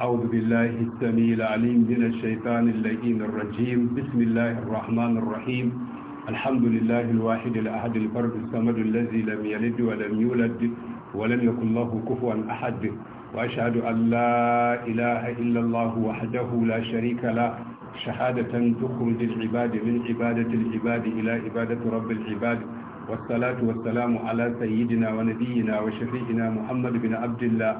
أعوذ بالله السميع العليم من الشيطان اللئيم الرجيم بسم الله الرحمن الرحيم الحمد لله الواحد الأحد الفرد الصمد الذي لم يلد ولم يولد ولم يكن له كفوا أحد وأشهد أن لا إله إلا الله وحده لا شريك له شهادة تخرج العباد من عبادة العباد إلى عبادة رب العباد والصلاة والسلام على سيدنا ونبينا وشفيعنا محمد بن عبد الله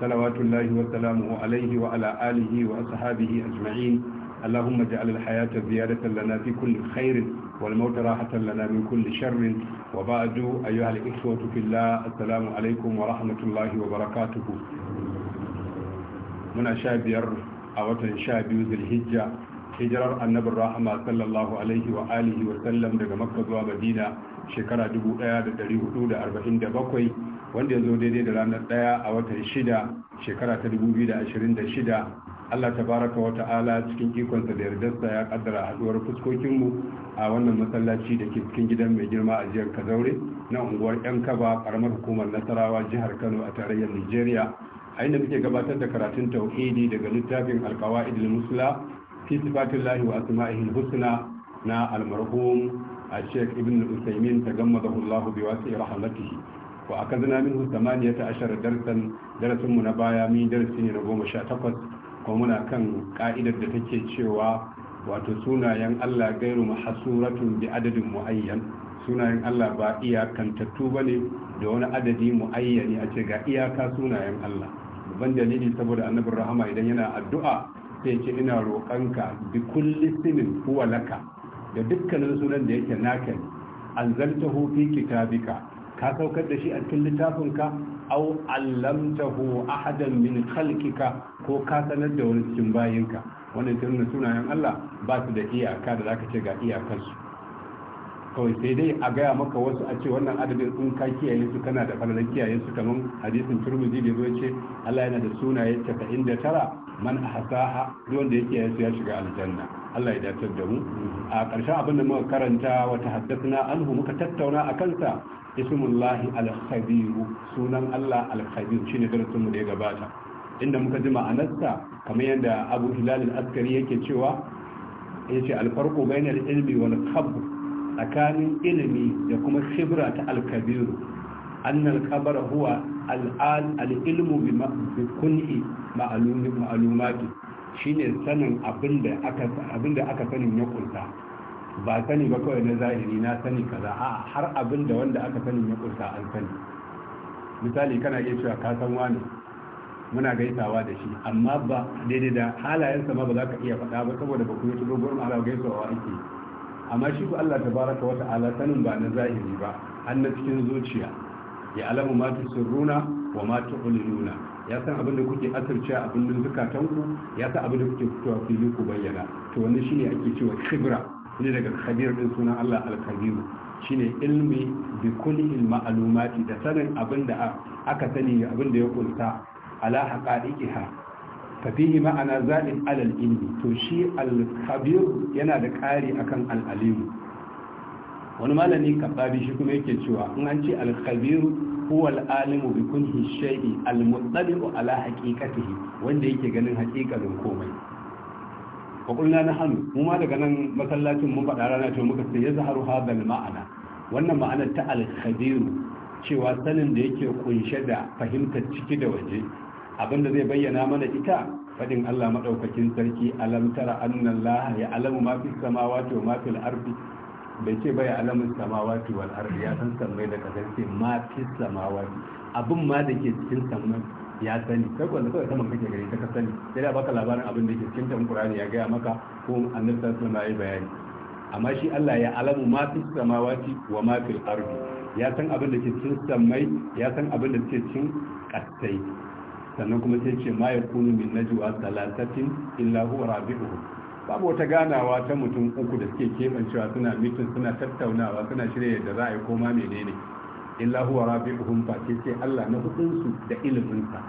صلوات الله وسلامه عليه وعلى آله وأصحابه أجمعين اللهم اجعل الحياة زيادة لنا في كل خير والموت راحة لنا من كل شر وبعد أيها الإخوة في الله السلام عليكم ورحمة الله وبركاته من شابير أوة شابي ذي الهجة hijirar annabin rahama sallallahu alaihi wa alihi wa sallam daga makka zuwa madina shekara 1447 wanda ya zo daidai da ranar ɗaya a watan shida shekara ta 2026 Allah ta baraka wa ta'ala cikin ikonsa da yardarsa ya kaddara haduwar fuskokinmu a wannan masallaci da ke cikin gidan mai girma a jihar Kazaure na unguwar yan kaba karamar hukumar nasarawa jihar Kano a tarayyar Nigeria a inda muke gabatar da karatun tauhidi daga littafin idil musula fi lahi wa asma'ihi husna na almarhum a Sheikh Ibn Usaimin ta Allah bi wasi'i rahmatihi wa min minhu samaniyata ashara darsan darasin mu na baya mun darasi ne na goma sha takwas kuma muna kan ka'idar da take cewa wato sunayen Allah gairu mahsuratun bi adadin muayyan sunayen Allah ba iyakantattu ba ne da wani adadi muayyani a ce ga iyaka sunayen Allah ban dalili saboda annabin rahama idan yana addu'a sai ce ina roƙanka bi kulli sinin huwa laka da dukkanin sunan da yake naka ne anzaltahu fi kitabika ka saukar da shi a cikin littafinka au allamtahu ahadan min khalqika ko ka sanar da wani cikin bayinka wannan ta nuna sunayen Allah ba su da iyaka da zaka ce ga iyakansu kawai sai dai a gaya maka wasu a ce wannan adadin in ka kiyaye su kana da falalar kiyaye su kamar hadisin turmuzi da zai ce Allah yana da sunaye 99 man ahsaha duk wanda ya kiyaye su ya shiga aljanna Allah ya dace da mu a ƙarshen abin da muka karanta wata haddathna anhu muka tattauna a kansa ismullahi alkabiru sunan Allah al shine darasin mu da ya gabata inda muka ji ma'anarsa kamar yadda Abu Hilal al-Askari yake cewa yace al bainal ilmi wal khabr tsakanin ilimi da kuma khibra ta alkabiru kabiru annal huwa al al-ilmu bi kun'i ma'lumati shine sanin abinda aka abinda aka sanin ya kunta ba sani ba kawai na zahiri na sani kaza a har abin da wanda aka sani ya kusa an sani misali kana iya cewa ka san wani muna gaisawa da shi amma ba daidai da halayensa ma ba za ka iya faɗa ba saboda ba ku yi gurin ala gaisawa ake amma shi ku Allah ta baraka wata ala sanin ba na zahiri ba har na cikin zuciya ya alamu ma sirruna wa ma ulununa ya san abin da kuke asirce abin da zukatanku ya san abin da kuke fitowa fili ku bayyana to wannan shine ake cewa khibra ne daga khabir din sunan Allah al kabiru shine ilmi bi kulli al-ma'lumati da sanin abin da aka sani abin da ya kunta ala haqa'iqiha fa fihi ma'ana zalin ala al-ilmi to shi al-kabir yana da ƙari akan al-alim wani malami kababi shi kuma yake cewa in an ce al-kabir huwa al-alimu bi kulli shay'i al-muttaliqu ala haqiqatihi wanda yake ganin haqiqatin komai fa kulna na hannu mu ma daga nan masallacin mun faɗa rana ce muka ce ya zaharu hadal ma'ana wannan ma'ana ta al cewa sanin da yake kunshe da fahimtar ciki da waje abinda zai bayyana mana ita fadin Allah madaukakin sarki alam tara anna Allah ya alamu ma fi samawati wa ma fil ardi bai ce bai alamu samawati wal ardi ya san sammai da kasance ma fi samawati abin ma da ke cikin sammai ya sani kai wanda kawai saman kake gari ka sani sai da baka labarin abin da ke cikin tan qur'ani ya gaya maka ko annabi sallallahu alaihi bayani amma shi Allah ya alamu ma fi samawati wa ma fil ardi ya san abin da ke cikin samai ya san abin da ke cikin kasai sannan kuma sai ce ma yakunu min najwa salasatin illa huwa babu wata ganawa ta mutum uku da suke kebancewa suna mitin suna tattaunawa suna shirya da za a yi koma menene illa huwa rabi'uhum fa ce sai Allah na hudun su da ilimin sa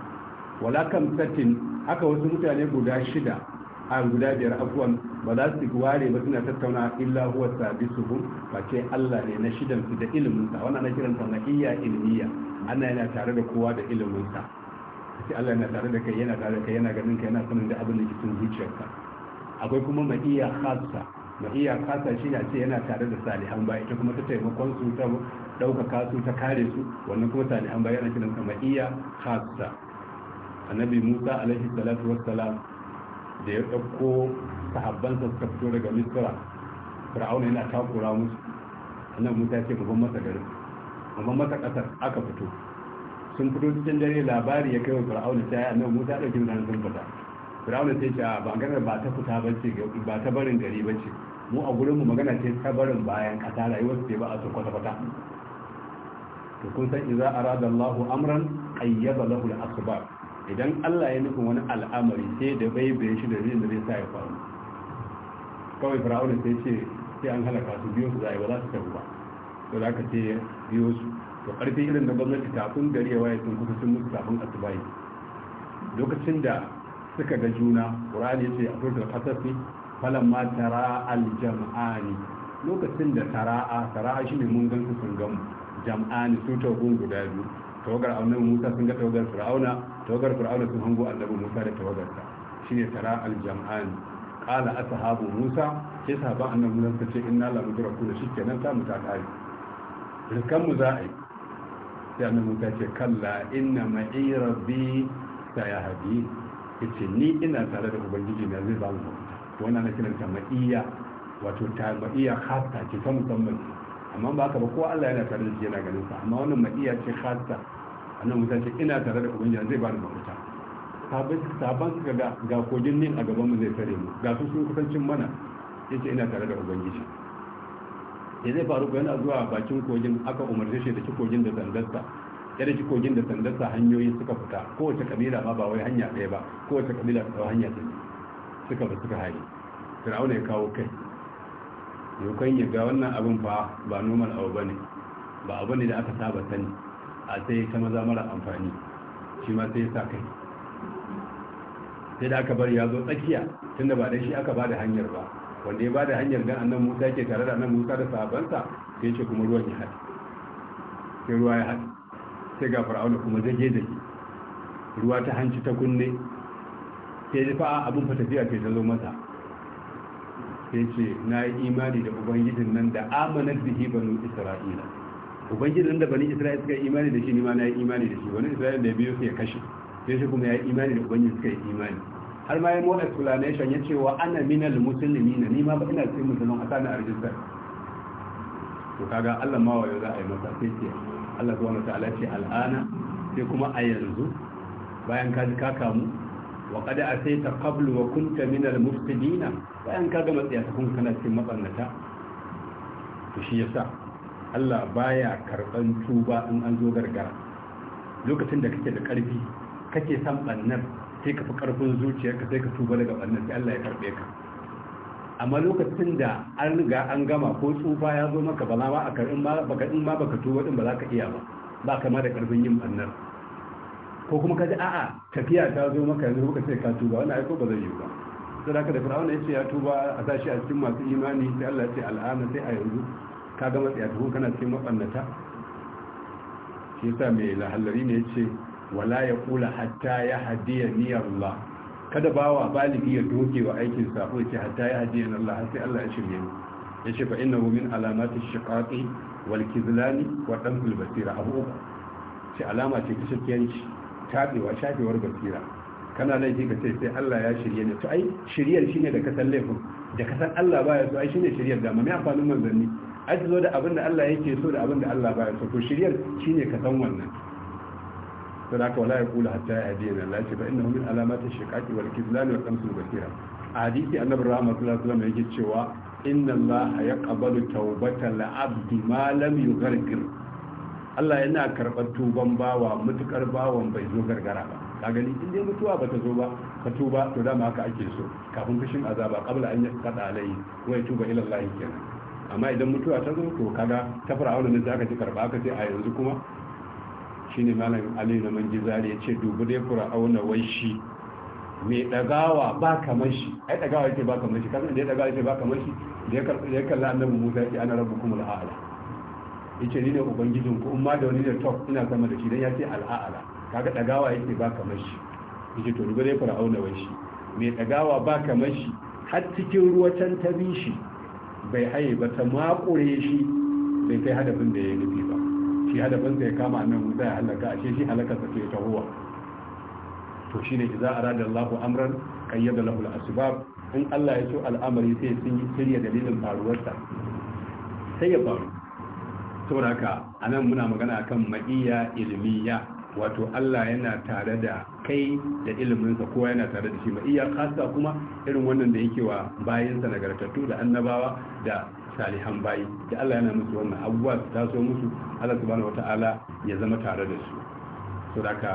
wala kam satin haka wasu mutane guda shida a guda biyar afwan ba za su ware ba suna tattauna illa huwa sabisuhum fa ce Allah ne na shidan su da ilimin sa wannan ana kiran na naqiyya ilmiya ana yana tare da kowa da ilimin sa sai Allah yana tare da kai yana tare da kai yana ganin ka yana sanin da abin da ke cikin zuciyarka akwai kuma ma'iya khassa ma'iya khassa shi ne a ce yana tare da salihan ba ita kuma ta taimakon su ta ɗaukaka su ta kare su wannan kuma sani an bayyana kiran kamar iya khassa annabi musa alaihi salatu wassalam da ya ɗauko sahabbansa suka fito daga misra fir'auna yana takura musu annabi musa ya ce mu masa garin mu masa ƙasar aka fito sun fito cikin dare labari ya kai wa fir'auna ta yi annabi musa ya ɗauki mutanen sun fita firawuna sai ce ba maganar ba ta fita ba ce ba ta barin gari ba ce mu a gurinmu magana ce ta barin bayan kasa rayuwar ce ba a sun kwata-kwata to kun san idza arada Allah amran qayyaba lahu al-asbab idan Allah ya nufin wani al'amari sai da bai bai shi da zai da zai sa ya faru kawai fir'auna sai ce sai an halaka su biyo su zai ba za su tafi ba to da ka ce biyo su to karfi irin da gwamnati kafin gari ya waye sun kusa sun mutu kafin asubahi lokacin da suka ga juna qur'ani yace a turkul qasafi falamma tara al-jam'ani lokacin da tara'a tara'a shine mun gan su sun gamu jam'ani su tawagun guda biyu tawagar annabi musa sun ga tawagar fir'auna tawagar fir'auna sun hango annabi musa da tawagarsa shine tara al-jam'ani qala ashabu musa sai sahaban annabi musa suka ce inna la mudrakuna shikenan ta mu ta kare rikan mu za a yi sai annabi musa ce kalla inna ma'i rabbi sayahdi yace ni ina tare da ubangiji na zai ba mu wannan na kiranta ma'iya wato ta ma'iya khassa ce ta musamman amma ba haka ba kowa Allah yana tare da shi yana ganin sa amma wannan ma'iya ce khassa annan mutum ce ina tare da ubangiji zai bani mafita sabon suka ga ga kogin nin a gaban mu zai tare mu ga su sun kusancin mana yace ina tare da ubangiji ya zai faru yana zuwa bakin kogin aka umarce shi da kogin da zangarsa ya da kogin da zangarsa hanyoyi suka fita kowace kabila ma ba wai hanya ɗaya ba kowace kabila ta hanya ta suka ba suka hari fir'auna ya kawo kai yaukan yi ga wannan abin fa ba noman abu bane ba abu ne da aka saba sani a sai ta maza mara amfani shi ma sai sa kai sai da aka bari ya zo tsakiya tunda ba dai shi aka bada hanyar ba wanda ya bada hanyar dan annan Musa yake tare da annan Musa da sahabbansa sai ce kuma ruwan ya haɗe sai ruwa ya haɗe sai ga Fir'auna kuma zage shi ruwa ta hanci ta kunne sai da fa abin fa tafiya ke ta zo masa sai ce na yi imani da ubangijin nan da amanar da banu isra'ila ubangijin nan da bani isra'ila suka yi imani da shi ne ma na yi imani da shi wani isra'ila da biyu ya kashe sai shi kuma ya yi imani da ubangijin suka yi imani har ma ya mo explanation ya ce wa ana minal musulmi na ni ma ba ina cikin musulman a sani a rijistar to kaga Allah ma wayo za a yi masa sai ce Allah subhanahu wa ta'ala ce al'ana sai kuma a yanzu bayan ka ji ka kamu wa qad asayta qablu wa kunta min al-mufsidin bayan ka gama matsaya ta kun kana cikin matsannata to shi yasa Allah baya karban tuba in an zo gargara lokacin da kake da ƙarfi kake san bannar sai ka fi ƙarfin zuciyarka sai ka tuba daga bannar sai Allah ya karbe ka amma lokacin da an riga an gama ko tsufa ya zo maka ba ma a karin ma baka in ma baka tuba din ba za ka iya ba ba kama da ƙarfin yin bannar ko kuma kaji a'a tafiya ta zo maka yanzu muka sai ka tuba wannan aiko ba zai yi ba sai da da fir'auna yace ya tuba a sashi a cikin masu imani sai Allah ya ce al'ana sai a yanzu ka ga matsaya ta kana cikin mabannata shi yasa mai lahallari ne yace wala ya kula hatta ya hadiya ni Allah kada bawa baligi ya doge wa aikin sa ko yace hatta ya hadiya ni Allah sai Allah ya shirye ni yace fa innahu min alamati shiqaqi wal kizlani wa damul basira abu ce alama ce ta shirkiyanci tabewa shafewar basira kana laifi ka ce sai Allah ya shirye ne to ai shiryar shine da kasan laifin da kasan Allah baya so ai shine shiryar da mai amfanin manzanni ai zo da abin da Allah yake so da abin da Allah baya so to shiryar shine kasan wannan to wala ya kula hatta ya hadina Allah ce fa innahu min alamati shiqaqi wal kizlan wa qamsul basira hadisi annabi rahmatullahi sallallahu alaihi wasallam yake cewa inna Allah yaqbalu tawbatal abdi ma lam yughargir Allah yana karɓar tuban bawa mutukar bawan bai zo gargara ba ka gani in dai mutuwa bata zo ba ka tuba to dama haka ake so kafin fushin azaba kabla an yi kada alai ya tuba ila Allah kenan amma idan mutuwa ta zo to kaga ta fir'auna ne zaka ji karba ka ce a yanzu kuma shine malam Ali na manjizari ya ce dubu dai fir'auna wai shi mai dagawa ba kamar shi ai dagawa yake ba kamar shi kasan da dagawa yake ba kamar shi da ya kalla annabi Musa yake ana rabbukumul a'la yace ni ne ubangijin ku umma da wani ne top ina sama da shi dan ce al'a'ala kaga dagawa yake ba kamar shi yace to duba dai auna wai shi mai dagawa ba kamar shi har cikin ruwa can ta bi shi bai haye ba ta makure shi bai kai hadafin da ya nufi ba shi hadafin ya kama annan musa ya halaka ashe shi halakarsa ce ta huwa to shine idza arada Allahu amran kayyada lahu al-asbab in Allah ya so al'amari sai sun yi shirya dalilin sa sai ya faru saboda haka nan muna magana kan ma'iya ilmiya wato Allah yana tare da kai da iliminsa kowa yana tare da shi ma'iya kasa kuma irin wannan da yake wa bayansa nagartattu da annabawa da salihan bayi da Allah yana musu wannan abubuwa su taso musu Allah subhanahu wata'ala ya zama tare da su so haka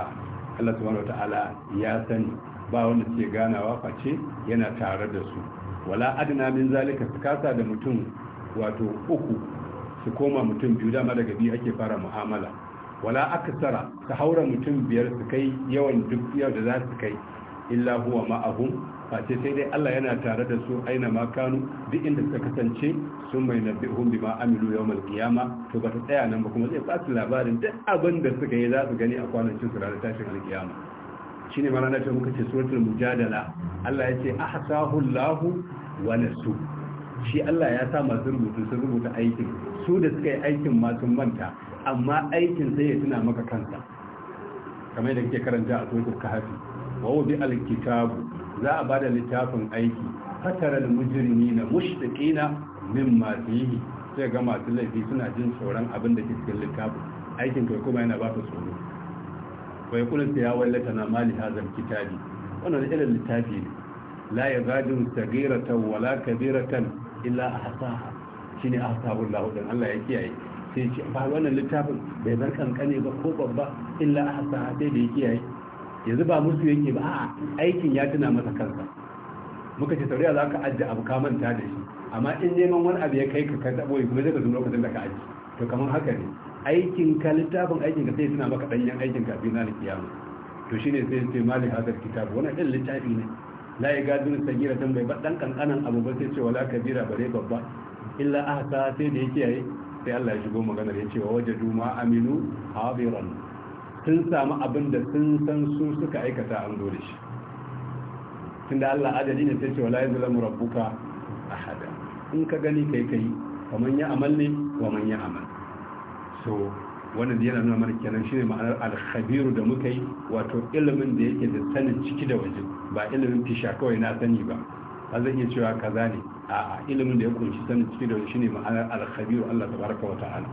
Allah subhanahu wata'ala ya sani ba wanda ke ganawa face yana tare da su wala adna min zalika kasa da mutum wato uku su koma mutum biyu dama daga biyu ake fara mu'amala wala aksara ta haura mutum biyar su kai yawan duk yau da za su kai illa huwa ma'ahum face sai dai Allah yana tare da su aina ma kanu duk inda suka kasance sun mai nabi'uhum bima amilu yawmal kiyama to ba ta tsaya nan ba kuma zai ba labarin duk abin da suka yi za su gani a kwanakin su ranar tashin alkiyama Shin ma ranar ce muka ce suratul mujadala Allah ya ce ahsahu lahu, wa nasu shi Allah ya sa masu rubutu sun rubuta aikin su da suka yi aikin masu manta amma aikin sai ya tuna maka kansa kamar da kake karanta a sojin kahafi wa wubi alkitabu za a bada littafin aiki fataral mujrimi na mushtiqina mimma fihi sai ga masu laifi suna jin tsoron abin da ke cikin littafin aikin kai kuma yana baka tsoro wa kula ya wallata na mali hazal kitabi wannan irin littafi ne la yaghadiru saghiratan wala kabiratan illa a hasaha shi ne a hasahun lahudin Allah ya kiyaye sai ce ba wannan littafin bai bar kankane ba ko babba illa a hasaha sai da ya kiyaye yanzu ba musu yake ba a aikin ya tuna masa kansa muka ce tauriya za ka ajiye abu ka manta da shi amma in neman wani abu ya kai ka ka zaɓo kuma zai ka zuwa lokacin da ka aji to kamar haka ne aikin ka littafin aikin ka sai tuna maka ɗanyen aikin ka fi na kiyama to shine sai sai mali hadar kitabu wannan ɗin littafi ne la ya gadiru sagira tan bai dan kankanan abu ba sai ce wala kabira bare babba illa ahsa sai da yake yayi sai Allah ya shigo magana ya ce wa duma ma aminu habiran sun samu abin da sun san su suka aikata an dole shi tunda Allah adadi ne sai ce wala yazlamu a ahada in ka gani kai kai kaman ya amal ne wa man ya amal so wannan yana nuna mana kenan shine ma'anar al-khabiru da muka yi wato ilimin da yake da sanin ciki da wajibi ba ilimin tisha kawai na sani ba ba zan iya cewa kaza ne a ilimin da ya kunshi sani ciki da shi ne ma'anar alkhabiru Allah tabaraka wa ta'ala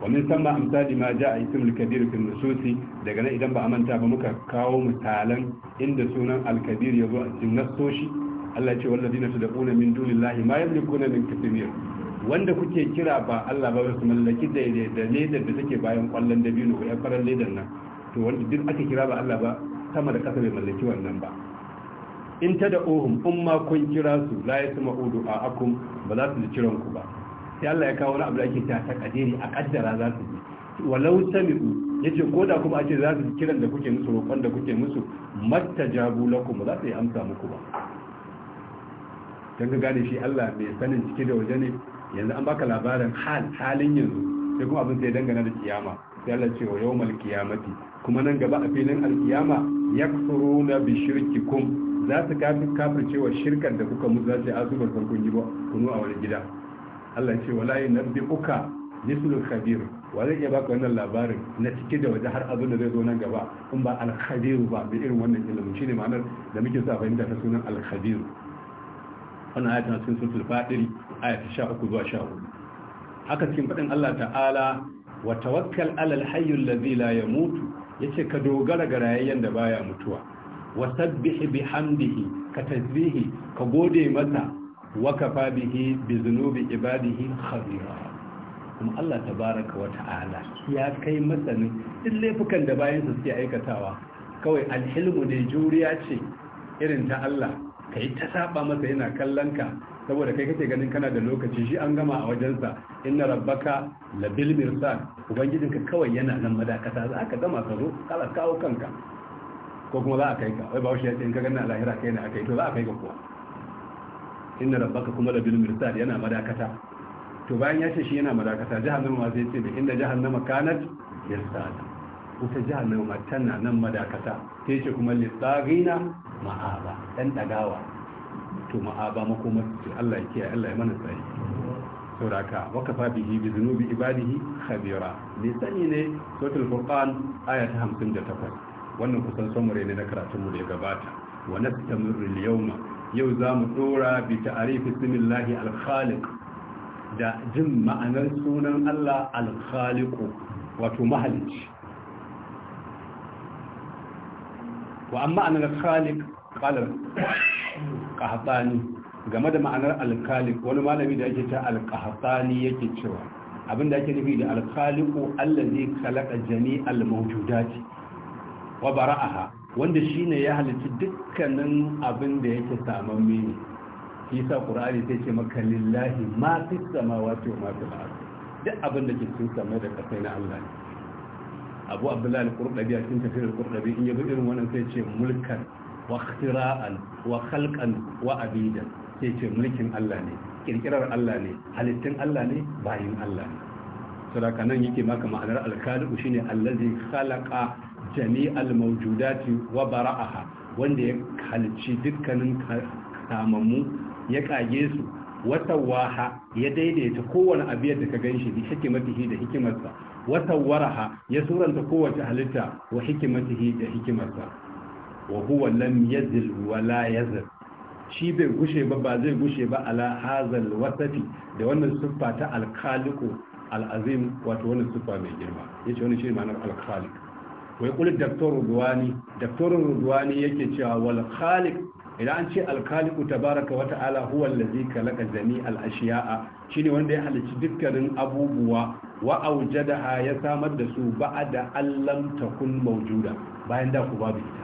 wa min samma amsali ma ja'a ismul kabir fi nususi daga nan idan ba a manta ba muka kawo misalan inda sunan alkabir ya zo a cikin nastoshi Allah ce da tad'una min dunillahi ma yamlikuna min katimir wanda kuke kira ba Allah ba su mallaki da da ledar da take bayan kwallon dabino ko ya farar ledar nan to wanda duk aka kira ba Allah ba sama da ƙasa bai mallaki wannan ba in ta da ohun in ma kun kira su la ya sama udu a akum ba za su ji kiran ku ba sai Allah ya kawo wani abu da ake ta ta kadiri a kaddara za su ji walau sami'u yace ko da kuma ake za su ji kiran da kuke musu roƙon da kuke musu mattajabu lakum ba za su yi amsa muku ba dan ka gane shi Allah bai sanin cike da waje ne yanzu an baka labarin hal halin yanzu sai kuma abin sai dangana da kiyama sai Allah ce wa yawmal kiyamati kuma nan gaba a filin alkiyama Ya na bi kun za su kafin cewa shirkar da kuka musu zace azubar farkon gida kunu a wani gida Allah ce wala yunabbi'uka mislu khabir wa zai iya baka wannan labarin na cike da waje har abin da zai zo nan gaba in ba al ba da irin wannan shi ne ma'anar da muke sa fahimta ta sunan al wannan ayatun cikin suratul fatir ayat 13 zuwa 14 haka cikin faɗin Allah ta'ala wa tawakkal alal hayyul ladzi la yamutu yace ka dogara ga rayayyen da baya mutuwa wasabbihi bihamdihi ka tasbihi ka gode masa wa kafa bihi bi zunubi ibadihi khabira kuma Allah tabaraka wa ta'ala ya kai masanin duk laifukan da bayan su suke aikatawa kawai alhilmu ne juriya ce irin ta Allah kai ta saba masa yana kallon ka saboda kai kake ganin kana da lokaci shi an gama a wajensa inna rabbaka labil mirsad ubangijinka kawai yana nan madakata za ka gama ka zo kala kawo kanka ko kuma za a kai ka wai shi ya ce in ka ganna lahira kai ne a kai to za a kai ka kuwa inna rabbaka kuma la bil mirsad yana madakata to bayan ya ce shi yana madakata jahannama ma zai ce da inda jahannama kanat mirsad wata jahannama tana nan madakata sai ce kuma lissagina ma'aba dan dagawa to ma'aba makomar ce Allah ya kiyaye Allah ya mana tsaye sauraka waka fa bihi bi zunubi ibadihi khabira ne sani ne suratul furqan aya ta 58 wannan kusan samure ne na karatun mu da ya gabata wa nastamir al yawma yau zamu dora bi ta'rif ismillahi al khaliq da jin ma'anar sunan Allah al khaliq wato mahalicci wa amma an al khaliq qala alƙahatsani game da ma'anar alƙalik wani malami da ake ta alƙahatsani yake cewa abinda ake nufi da Allah zai kalaka jami almaujudati wa bara'aha wanda shine ya halitta dukkanin abin da yake samamme mini shi sa ƙura'ari sai ce maka lillahi ma fi sama wato ma fi ard duk abin da ke cikin samai da kasai na Allah ne abu abdullahi al a cikin tafsir al-qurdabi in yabo irin wannan sai ce mulkar. wa khira'an wa khalqan wa abidan ce mulkin Allah ne kirkirar Allah ne halittun Allah ne bayin Allah ne saboda nan yake maka ma'anar alkhaliqu shine allazi khalaqa jami'al mawjudati wa bara'aha wanda ya halci dukkanin kamammu ya kage su wata waha ya daidaita kowane abu yadda ka ganshi bi hikimatihi da hikimarsa wata waraha ya suranta kowace halitta wa hikimatihi da hikimarsa wa huwa lam yazil wa la yazil shi bai gushe ba ba zai gushe ba ala hazal wasafi da wannan siffa ta alkaliku al'azim wato wannan siffa mai girma yace wani shi ma'anar alkalik wai kuli daktar rudwani daktar rudwani yake cewa wal khaliq idan an ce alkaliku tabaraka wa ta'ala huwa allazi khalaqa al ashiya'a shine wanda ya halicci dukkanin abubuwa wa aujadaha ya samar da su ba'da allam takun mawjuda bayan da ku babu ita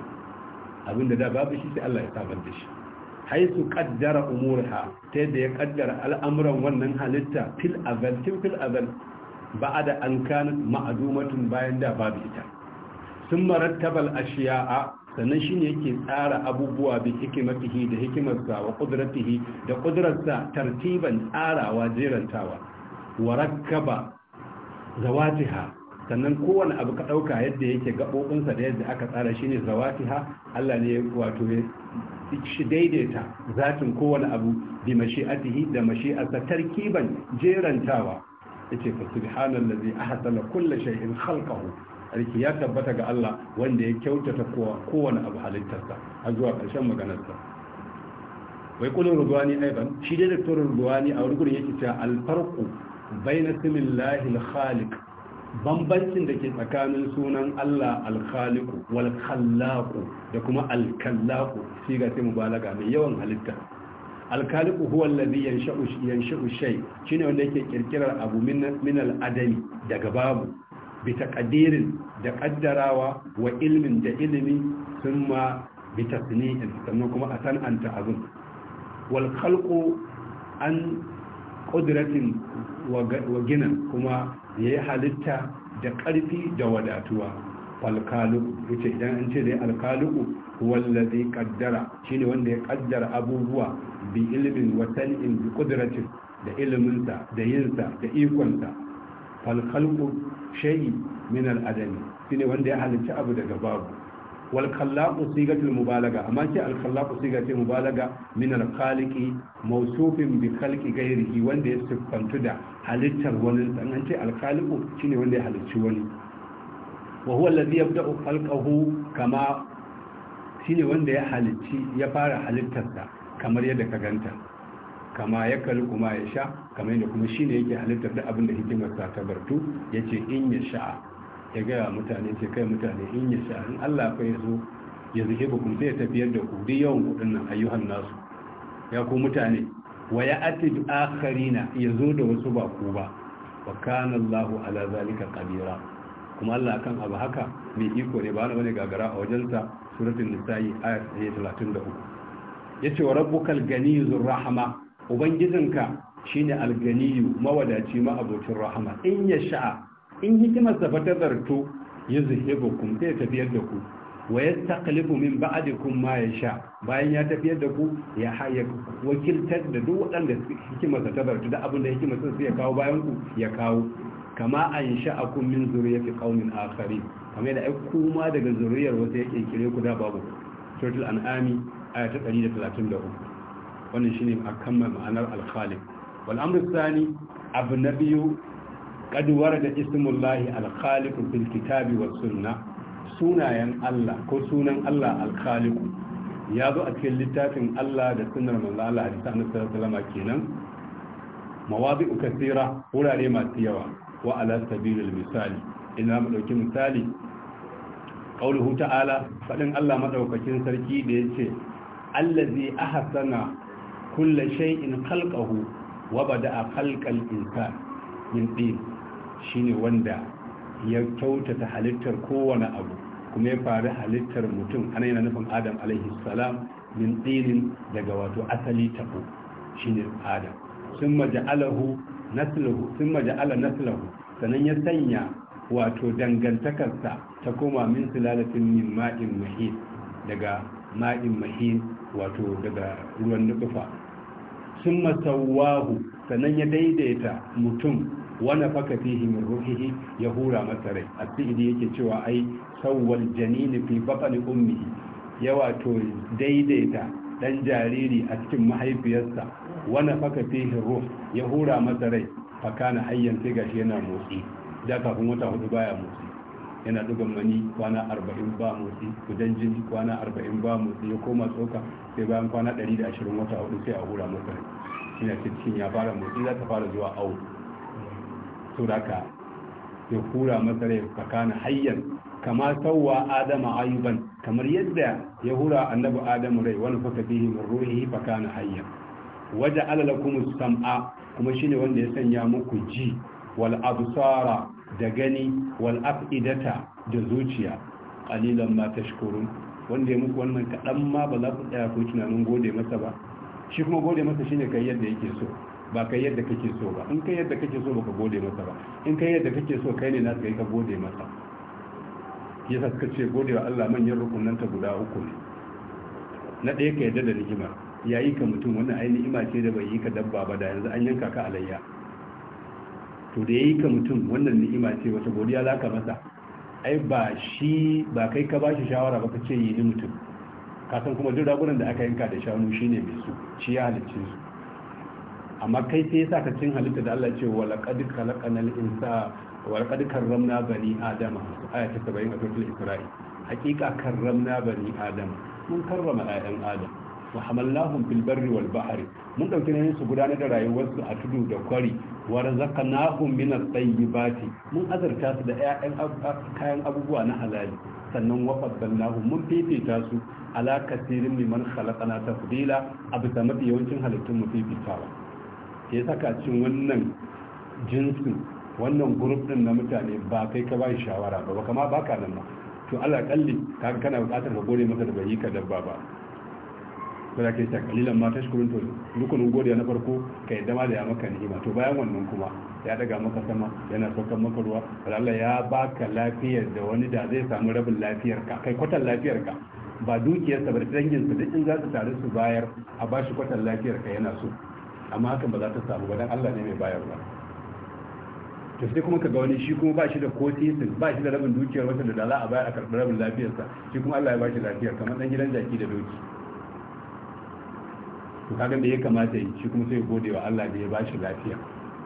abinda da babu shi sai Allah ya samar da shi haisu kaddara umurha ta yadda ya kaddara al'amuran wannan halitta fil azal fil azal ba'ada an kanat ma'dumatun bayan da babu ita sun marattabal ashiya'a sannan shine yake tsara abubuwa bi hikimatihi da hikimarsa wa qudratihi da qudrarsa tartiban tsarawa jerantawa wa rakkaba zawatiha sannan kowane abu ka ɗauka yadda yake gaɓoɓinsa da yadda aka tsara shi ne zawatiha Allah ne wato ya shi daidaita zatin kowane abu bi mashi'atihi da mashi'arsa tarkiban jerantawa yace fa subhanallazi ahsana kulli shay'in khalqahu alki ya tabbata ga Allah wanda ya kyautata kowane abu halittarsa har zuwa ƙarshen maganarsa wai kullu rudwani aiban shi dai doktor rudwani a wurin gurin yake cewa al-farqu bayna simillahi al-khaliq bambancin da ke tsakanin sunan Allah alkhaliku wal da kuma alkallaku shi ga sai mubalaga mai yawan halitta alkhaliku huwa allazi yansha'u yansha'u shay shine wanda yake kirkirar abu min al adami daga babu bi taqdirin da ƙaddarawa wa ilmin da ilimi thumma bi tasni'in sannan kuma a san'anta abun wal khalqu an qudratin wa ginan kuma ya yi halitta da ƙarfi da wadatuwa falkalu yace idan an ce dai alkalu wallazi qaddara shine wanda ya kaddara abubuwa bi ilmin wa tan'in bi qudratin da ilminsa da yinsa da ikonsa falkal'u shayi min al'adami shine wanda ya halitta abu daga babu wal khallaqu sigatul mubalaga amma ce al khallaqu sigatul mubalaga min al khaliqi mawsufin bi khalqi ghairihi wanda ya siffantu da halittar wani dan an ce al khaliqu shine wanda ya halicci wani wa huwa alladhi yabda'u khalqahu kama shine wanda ya halicci ya fara halittarsa kamar yadda ka ganta kama ya kalli kuma ya sha kamar yadda kuma shine yake halittar da abin da hikimarsa ta bartu yace in ya sha'a ya gaya mutane ce kai mutane in ya sha in Allah fa ya zo ya zuke bukun sai tafiyar da ku duk yawan kudin nan ayyuhan nasu ya ku mutane wa ya ati akharina ya zo da wasu ba ku ba wa kana Allahu ala zalika qadira kuma Allah kan abu haka mai iko ne ba wani gagara a wajensa suratul nisa'i ayat 33 yace wa rabbukal ganiyur rahma ubangijinka shine alganiyu mawadaci ma abocin rahama in ya sha'a in hikimar sa fa tazarto yuzhibukum sai tafiyar da ku wa yastaqlibu min ba'dikum ma yasha bayan ya tafiyar da ku ya haye wakiltar da duk waɗanda hikimar sa zarto, da abin da hikimar sa ya kawo bayan ku ya kawo kama an sha'akum min zuriyati qaumin akharin kamar da ku ma daga zuriyar wata yake kire ku da babu suratul an'ami aya ta 133 wannan shine akan ma'anar al-khaliq wal amru thani abu na biyu Ƙaduwar da ismullahi al-khaliq kitabi wa sunna sunayen Allah ko sunan Allah al-khaliq ya zo a cikin littafin Allah da sunnar manzo Allah hadisi annabi sallallahu alaihi kenan mawadi'u kathira wurare masu yawa wa ala sabilil misali ina mu dauki misali qauluhu ta'ala faɗin Allah madaukakin sarki da yace allazi ahsana kulli shay'in khalqahu wa bada'a khalqal insan min din shine wanda ya kyautata halittar kowane abu kuma ya faru halittar mutum ana yana nufin adam alaihi salam min tsinin daga wato asali tabo shine adam sun maja'alahu naslahu sun maja'ala naslahu sannan ya sanya wato dangantakarsa ta koma min sulalatin min ma'in mahin daga ma'in mahin wato daga ruwan nufufa sun masawahu sannan ya daidaita mutum wani faka fihi min ruhihi ya hura masa rai a da yake cewa ai sauwal janini fi baƙali ummi ya wato daidaita dan jariri a cikin mahaifiyarsa wani faka fihi ruh ya hura masa rai fakana hayyan sai gashi yana motsi da kafin wata hudu baya motsi yana dugan mani kwana arba'in ba motsi kudan jini kwana arba'in ba motsi ya koma tsoka sai bayan kwana ɗari da ashirin wata hudu sai a hura masa rai ina cikin ya fara motsi za ta fara zuwa awo suraka ya kura masa rai tsakanin hayyan kama sauwa adama ayuban kamar yadda ya hura annabi adamu rai wani faka bihi min ruhihi fakana hayyan waje alala kuma sam'a kuma shine wanda ya sanya muku ji wal absara da gani wal afidata da zuciya qalilan ma tashkurun wanda ya muku wannan kadan ma ba za ku tsaya ku tunanin gode masa ba shi kuma gode masa shine kai yadda yake so ba kai yadda kake so ba in kai yadda kake so baka gode masa ba in kai yadda kake so kai ne naka yi ka gode masa ya haska ce gode wa Allah manyan rukunan ta guda uku ne na ɗaya ka yadda da ni'ima yayi ka mutum wannan ai ni'ima ce da bai yi ka dabba ba da yanzu an yanka ka alayya to da yayi ka mutum wannan ni'ima ce wata godiya za ka masa ai ba shi ba kai ka bashi shawara ba ka ce yi ni mutum kasan kuma duk ragunan da aka yanka da shanu shine mai su shi ya halicci su amma kai sai yasa ka cin halitta da Allah ce wa laqad khalaqanal insa wa laqad karramna bani adama aya ta 70 a cikin Isra'i hakika karramna bani adama mun karrama 'ya'yan adam wa hamallahum fil barri wal bahri mun dauki ne su gudanar da rayuwarsu a tudu da kwari wa razaqnahum min at-tayyibati mun azarta su da kayan abubuwa na halali sannan wa faddalnahum mun fifita su ala kasirin liman khalaqana tafdila a bisa mafi yawancin halittun mu fifitawa ya saka cin wannan jinsin wannan guruf din na mutane ba kai ka bai shawara ba kama baka nan ba to Allah kalli ka kana bukatar ka gode masa da bai yi ka dabba ba da ke ta kalilan ma shukurin to dukkan godiya na farko ka yadda ma da ya maka ni'ima to bayan wannan kuma ya daga maka sama yana saukar maka ruwa Allah ya baka lafiyar da wani da zai samu rabin lafiyar ka kai kwatan lafiyar ka ba dukiyarsa ba da danginsa duk in za su taru su bayar a bashi kwatan lafiyar ka yana so amma hakan ba za ta samu ba dan Allah ne mai bayarwa to sai kuma ka ga wani shi kuma ba shi da kotisin ba shi da rabin dukiyar wata da za a bayar a karɓi rabin lafiyarsa shi kuma Allah ya ba shi lafiyar kamar dan gidan jaki da doki to kaga me ya kamata yi shi kuma sai gode wa Allah da ya ba shi lafiya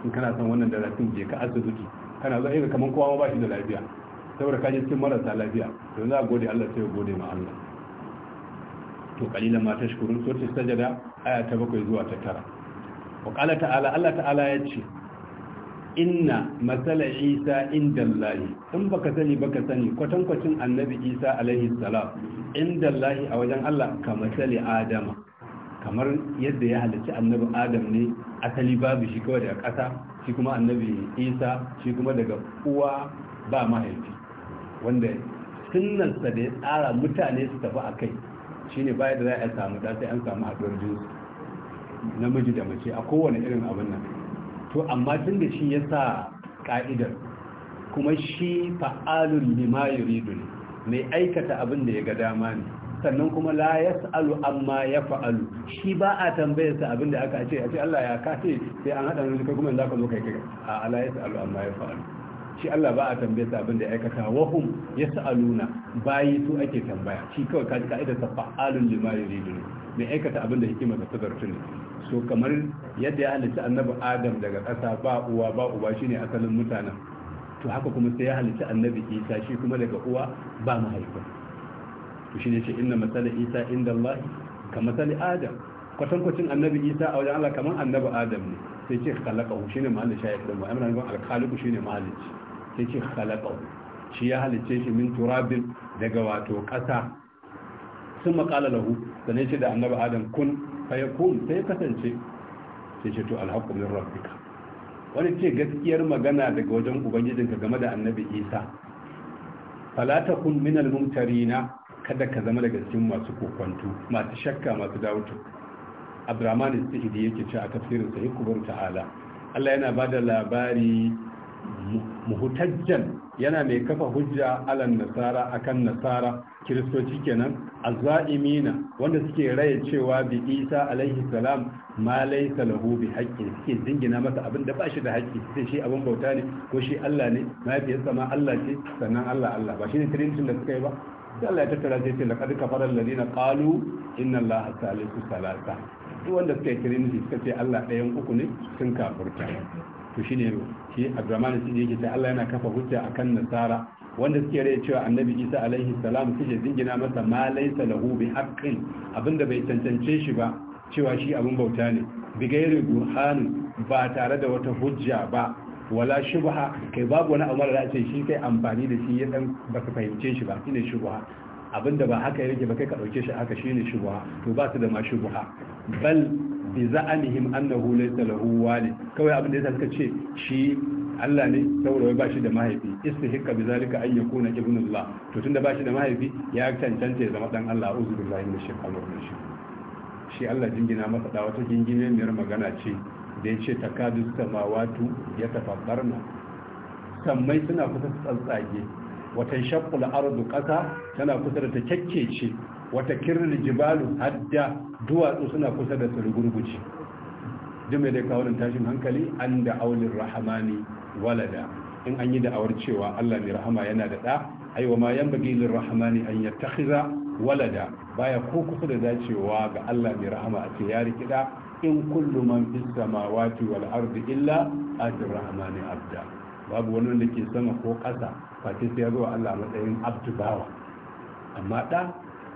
in kana son wannan da rafin je ka asibiti kana zuwa ga eh, kamar kowa ba shi da lafiya saboda kaje cikin marasa lafiya to za a gode Allah sai ya gode ma Allah to kalilan ma tashkurun ta sajada aya ta bakwai zuwa ta tara waƙala ta'ala Allah ta'ala ya ce inna matsala isa inda lahi in baka sani baka sani kwatankwacin annabi isa alaihi salam inda lahi a wajen Allah ka matsali adama kamar yadda ya halarci annabi adam ne asali babu shi kawai daga ƙasa shi kuma annabi isa shi kuma daga uwa ba mahaifi wanda sunnarsa da ya tsara mutane su tafi a kai shine baya da za a samu da sai an samu haɗuwar jinsu namiji da mace a kowane irin abin nan to amma tun da shi ya sa ka'idar kuma shi fa'alun lima yuridu ne mai aikata abin da ya ga dama ne sannan kuma la ya sa'alu amma ya fa'alu shi ba a tambayar sa abin da aka ce a ce Allah ya kace sai an haɗa rubutu kai kuma yanzu ka zo kai kai a la ya sa'alu amma ya fa'alu shi Allah ba a tambayar sa abin da ya aikata wahum ya sa'aluna bayi su ake tambaya shi kawai kaji ka'idar sa fa'alun lima yuridu ne mai aikata abin da hikima ta zartu ne so kamar yadda ya halitta annabi adam daga ƙasa ba uwa ba uba shine asalin mutanen to haka kuma sai ya halitta annabi isa shi kuma daga uwa ba mahaifa to shine ce inna masala isa inda allah ka masali adam kwatankwacin annabi isa a wajen allah kamar annabi adam ne sai ce khalaqahu shine mahallin shayar da mu amma nan alkhaliqu shine mahalici sai ce khalaqahu shi ya halicce shi min turabin daga wato ƙasa sun maƙala lahu sannan shi da annabi adam kun fayakun sai kasance sai ce to alhaqqu min rabbika wani ce gaskiyar magana daga wajen ubangijinka game da annabi isa fala takun min almumtarina kada ka zama daga cikin masu kokwanto masu shakka masu dawutu abdurrahman as yake ce a tafsirin sahih kubur ta'ala Allah yana bada labari Muhutajjan yana mai kafa hujja alan nasara akan nasara kiristoci kenan azza'imina wanda suke raye cewa bi isa alaihi salam ma laysa lahu bi suke dingina masa abin da ba shi da hakki sai shi abin bauta ne ko shi Allah ne mahaifiyarsa ma Allah ce sannan Allah Allah ba shine trinity da suka yi ba sai Allah ya tattara sai ce laqad kafara alladhina qalu inna allaha salisu salasa duk wanda suka yi trinity suka ce Allah ɗayan uku ne sun kafurta to shine shi abdurrahman sun yake ta Allah yana kafa hujja akan nasara wanda suke rai cewa annabi isa alaihi salam suke jingina masa ma laysa lahu bi haqqin abinda bai tantance shi ba cewa shi abin bauta ne gairi burhan ba tare da wata hujja ba wala shubha kai babu wani abu da ce shi kai amfani da shi ya dan baka fahimce shi ba shine shubha abinda ba haka yake ba kai ka dauke shi haka shine shubha to ba su da ma shubha bal bi za'anihim annahu laysa lahu walid kawai abin da yasa suka ce shi Allah ne saboda wai bashi da mahaifi istihqa bi zalika an yakuna ibnullah to tunda bashi da mahaifi ya cancanta ya zama dan Allah uzu billahi min shaytanir rajim shi Allah jingina masa da wata jingine mai magana ce da ya ce takadus samawatu ya tafakkarna sammai suna kusa tsantsage wata shaqqul ardu qasa tana kusa da ta kyakkece wata kirril jibalu hadda duwatsu suna kusa da sulgurguci jime da kawunin tashin hankali an da aulin rahamani walada in an yi da'awar cewa Allah mai rahama yana da ɗa aiwa ma yan bagi lir rahamani an yattakhiza walada baya ko kusa da dacewa ga Allah mai rahama a ce ya riki da in kullu man fis samawati wal ardi illa ajr rahmani abda babu wani wanda ke sama ko ƙasa face sai ya zo Allah matsayin abdu bawa amma da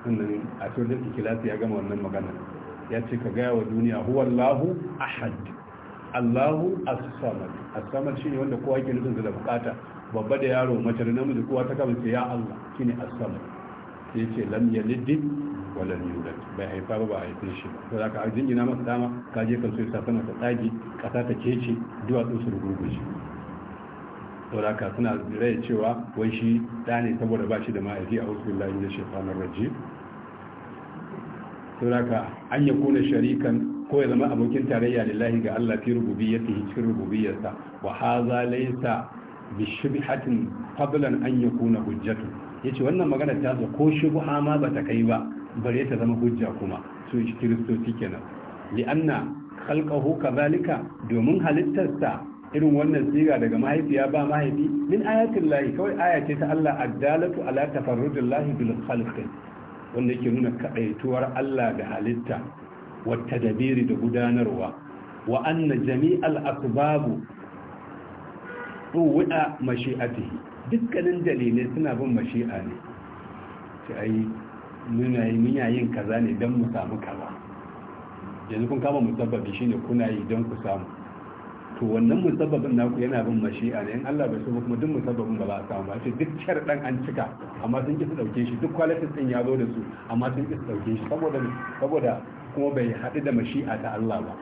din nan a cikin ikilasi ya gama wannan magana ya ce ka gaya wa duniya huwallahu ahad allahu as-samad as-samad shine wanda kowa yake nufin da bukata babba da yaro mace da namiji kowa ta kama ce ya allah shine as-samad sai ya ce lam yalid wa lam yulad bai haifa ba ba haife shi to zaka a jingina masa dama ka je kan so ya safa ta tsagi kasa ta kece duwatsu su rugurguje sauraka suna rai cewa wai shi ɗa ne saboda ba shi da ma'aji a wasu billahi da shekwanar rajim to haka an ya kuna sharikan ko ya zama abokin tarayya lillahi ga Allah fi rububiyyatihi cikin rububiyyarsa wa hadha laysa bi shubhatin qablan an kuna hujjatu yace wannan magana ta zo ko shubha ma bata kai ba bare ta zama hujja kuma su kiristoci kenan li'anna khalqahu kadhalika domin halittarsa irin wannan siga daga mahaifiya ba mahaifi min ayatin lahi kawai aya ce ta Allah addalatu ala tafarrudillahi lahi bil khalqi wanda yake nuna kadaituwar Allah da halitta wa tadabiri da gudanarwa wa anna jami'al asbabu tuwa mashi'atihi dukkanin dalilai suna bin mashi'a ne ce ai muna yi muna yin kaza ne don mu samu kaza yanzu kun kama musabbabi shine kuna yi don ku samu to wannan musabbabin naku yana bin mashi'a ne in Allah bai so kuma duk musabbabin ba za a samu ba sai duk kyar dan an cika amma sun kisa dauke shi duk kwalitin din ya zo da su amma sun kisa dauke shi saboda saboda kuma bai haɗu da mashi'a ta Allah ba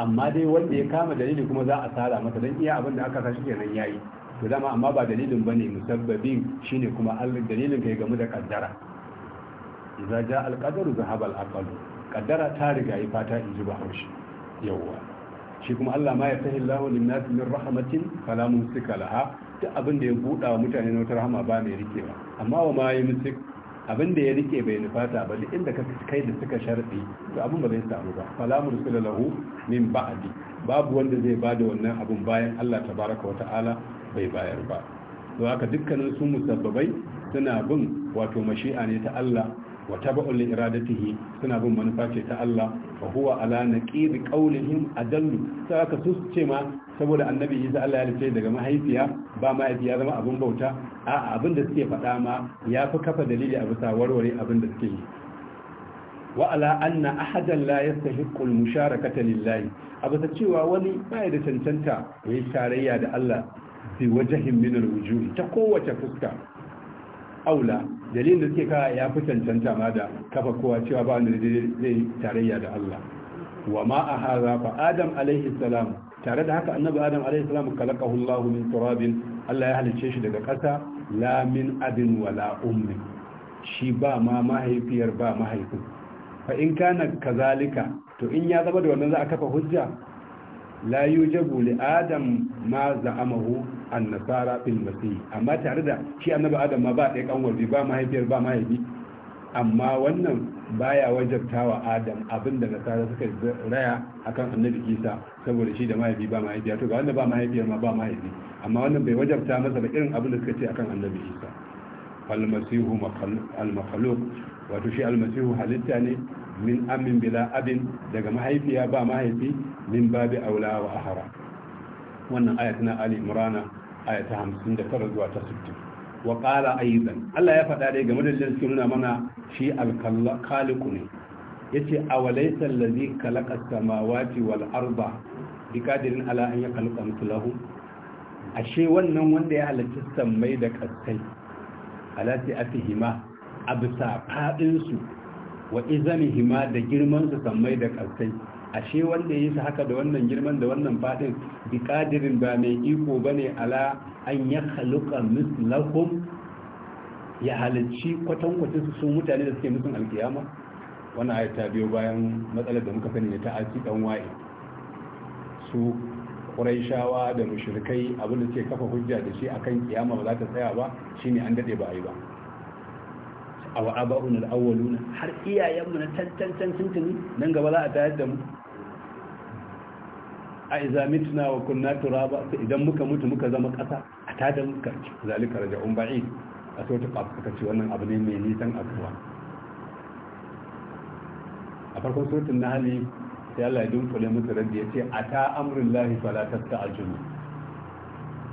amma dai wanda ya kama dalili kuma za a tsara masa dan iya abin da aka sa shi kenan yayi to dama amma ba dalilin bane musabbabin shine kuma Allah dalilin kai game da kaddara idza ja al qadaru zahaba aqal kaddara ta riga yi fata in ji ba haushi yawwa shi kuma Allah ma ya fahi Allah lin nas min rahmatin fala mumsika laha duk abin da ya buɗa wa mutane na wata rahama ba mai rikewa amma wa ma ya musik abin da ya rike bai nufata ba duk inda ka kai da suka sharɗi to abin ba zai samu ba fala mursila lahu min ba'di babu wanda zai bada wannan abin bayan Allah tabaraka wa ta'ala bai bayar ba to haka dukkanin su musabbabai suna bin wato mashi'a ne ta Allah wa tabu'un li iradatihi suna bin manufa ce ta Allah fa huwa ala naqid qawlihim adallu saka su ce ma saboda annabi Isa Allah ya halice daga mahaifiya ba mahaifiya zama abin bauta a abin da suke faɗa ma ya fi kafa dalili a bisa warware abin da suke yi wa ala anna ahadan la yastahiqqu al-musharakata lillahi a bisa cewa wani bai da cancanta yayi tarayya da Allah bi wajhin min al ta kowace fuska aula dalilin da suke kawai ya fi cancanta ma da kafa kowa cewa ba wanda zai tarayya da Allah wa ma a haza fa adam alaihi salam tare da haka annabi adam alaihi salam kalaka Allah min turabin Allah ya halice shi daga ƙasa la min abin wala ummi shi ba ma mahaifiyar ba mahaifin fa in kana kazalika to in ya zama da wannan za a kafa hujja la yujabu li adam ma za'amahu annasara fil masih amma tare da shi annabi adam ma ba ɗaya kanwar ba mahaifiyar ba mahaifi amma wannan baya wajabtawa adam abin da nasara suka raya akan annabi isa saboda shi da mahaifi ba mahaifiya to ga wanda ba mahaifiyar ma ba mahaifi amma wannan bai wajabta masa ba irin abin da suka ce akan annabi isa almasihu almakhluq wato shi almasihu halitta ne min amin bila abin daga mahaifiya ba mahaifi min babi aula wa ahara wannan aya tana ali imrana aya ta tara zuwa ta sittin. wa qala aidan Allah ya faɗa dai game da jin suke nuna mana shi al-khaliqu ne yace awalaysa allazi khalaqa as-samawati wal arda biqadirin ala an yakhluqa mithlahu ashe wannan wanda ya halarci sammai da kasai alati afihima a bisa faɗinsu. wa hima da girmansu su sammai da kasai ashe wanda ya yi haka da wannan girman da wannan fadin bi kadirin ba mai iko bane ala an ya khaluqa mislahum ya halicci kwatankwacin su sun mutane da suke musun alkiyama wannan ayat ta biyo bayan matsalar da muka sani ta asi dan waye su quraishawa da mushrikai abin da suke kafa hujja da shi akan kiyama ba za ta tsaya ba shine an dade ba a ba awa aba'un har iyayenmu na tantance tuni nan gaba za a tayar da mu a iza mitna wa kunna turaba idan muka mutu muka zama ƙasa a tada muka zalika raja'un ba'id a sautu ƙaf ce wannan abu ne mai nisan afuwa a farkon sautin na hali sai Allah ya dunkule musu rabbi ya ce a ta amurin lahi falatatta ta jini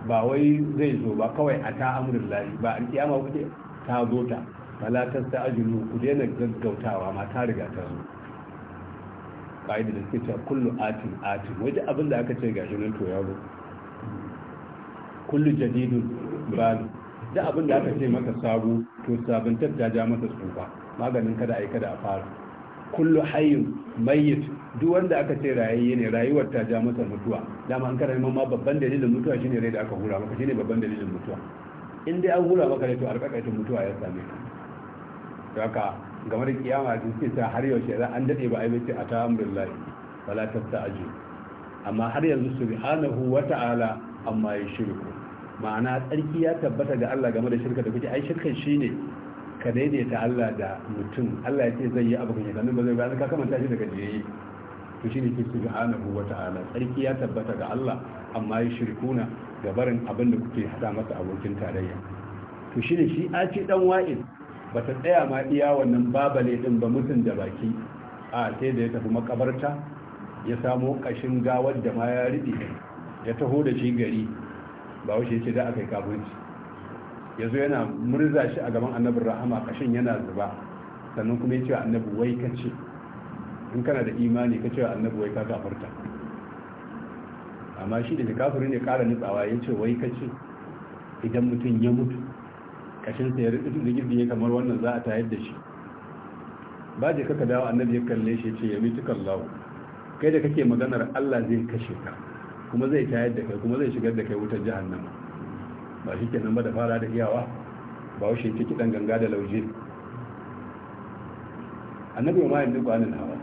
ba wai zai zo ba kawai a ta amurin lahi ba a kiyama kuke ta zo ta ta a jini ku daina gaggautawa ma ta riga ta zo ƙa'ida da suke cewa kullu atin atin wajen abin da aka ce gashi nan to yaro kullu jadidun balu da abin da aka ce maka sabu to sabuntar ta ja masa tsufa maganin kada a yi kada a fara kullu hayyin mayyit duk wanda aka ce rayayye ne rayuwar ta ja masa mutuwa dama an kara ma babban dalilin mutuwa shine rai da aka hura maka shine babban dalilin mutuwa in dai an hura maka rai to alƙaƙaitin mutuwa ya same ka to haka game da kiyama sun ce ta har yaushe idan an dade ba a yi a ta amrillahi wala aji amma har yanzu subhanahu wa ta'ala amma ya shirku ma'ana tsarki ya tabbata ga Allah game da shirka da kuke ai shirka shine ka daidaita Allah da mutum Allah ya ce zai yi abu kake ganin ba zai ba ka kamanta shi daga jiye to shine ke subhanahu wa ta'ala tsarki ya tabbata ga Allah amma ya shirkuna ga barin abin da kuke hada masa abokin tarayya to shine shi a ce dan wa'il ba ta tsaya ma iya wannan babale din ba mutum da baki a sai da ya tafi makabarta ya samo kashin gawar da ma ya riɗe ya taho da shi gari ba wuce ce da aka yi kafinci ya zo yana murza shi a gaban annabin rahama kashin yana zuba sannan kuma ya ce annabi wai ka ce in kana da imani ka ce annabi wai ka kafarta amma shi da kafirin ya kara nutsawa ya ce wai ka ce idan mutum ya mutu Kashin sa ya rigirgiye kamar wannan za a tayar da shi ba je kaka dawo annabi ya kalle shi ce ya mutu kallahu kai da kake maganar Allah zai kashe ka kuma zai tayar da kai kuma zai shigar da kai wutar jahannama ba shi kenan ba da fara da iyawa ba wa shi kidan ganga da lauje annabi ma yanzu kwanan hawa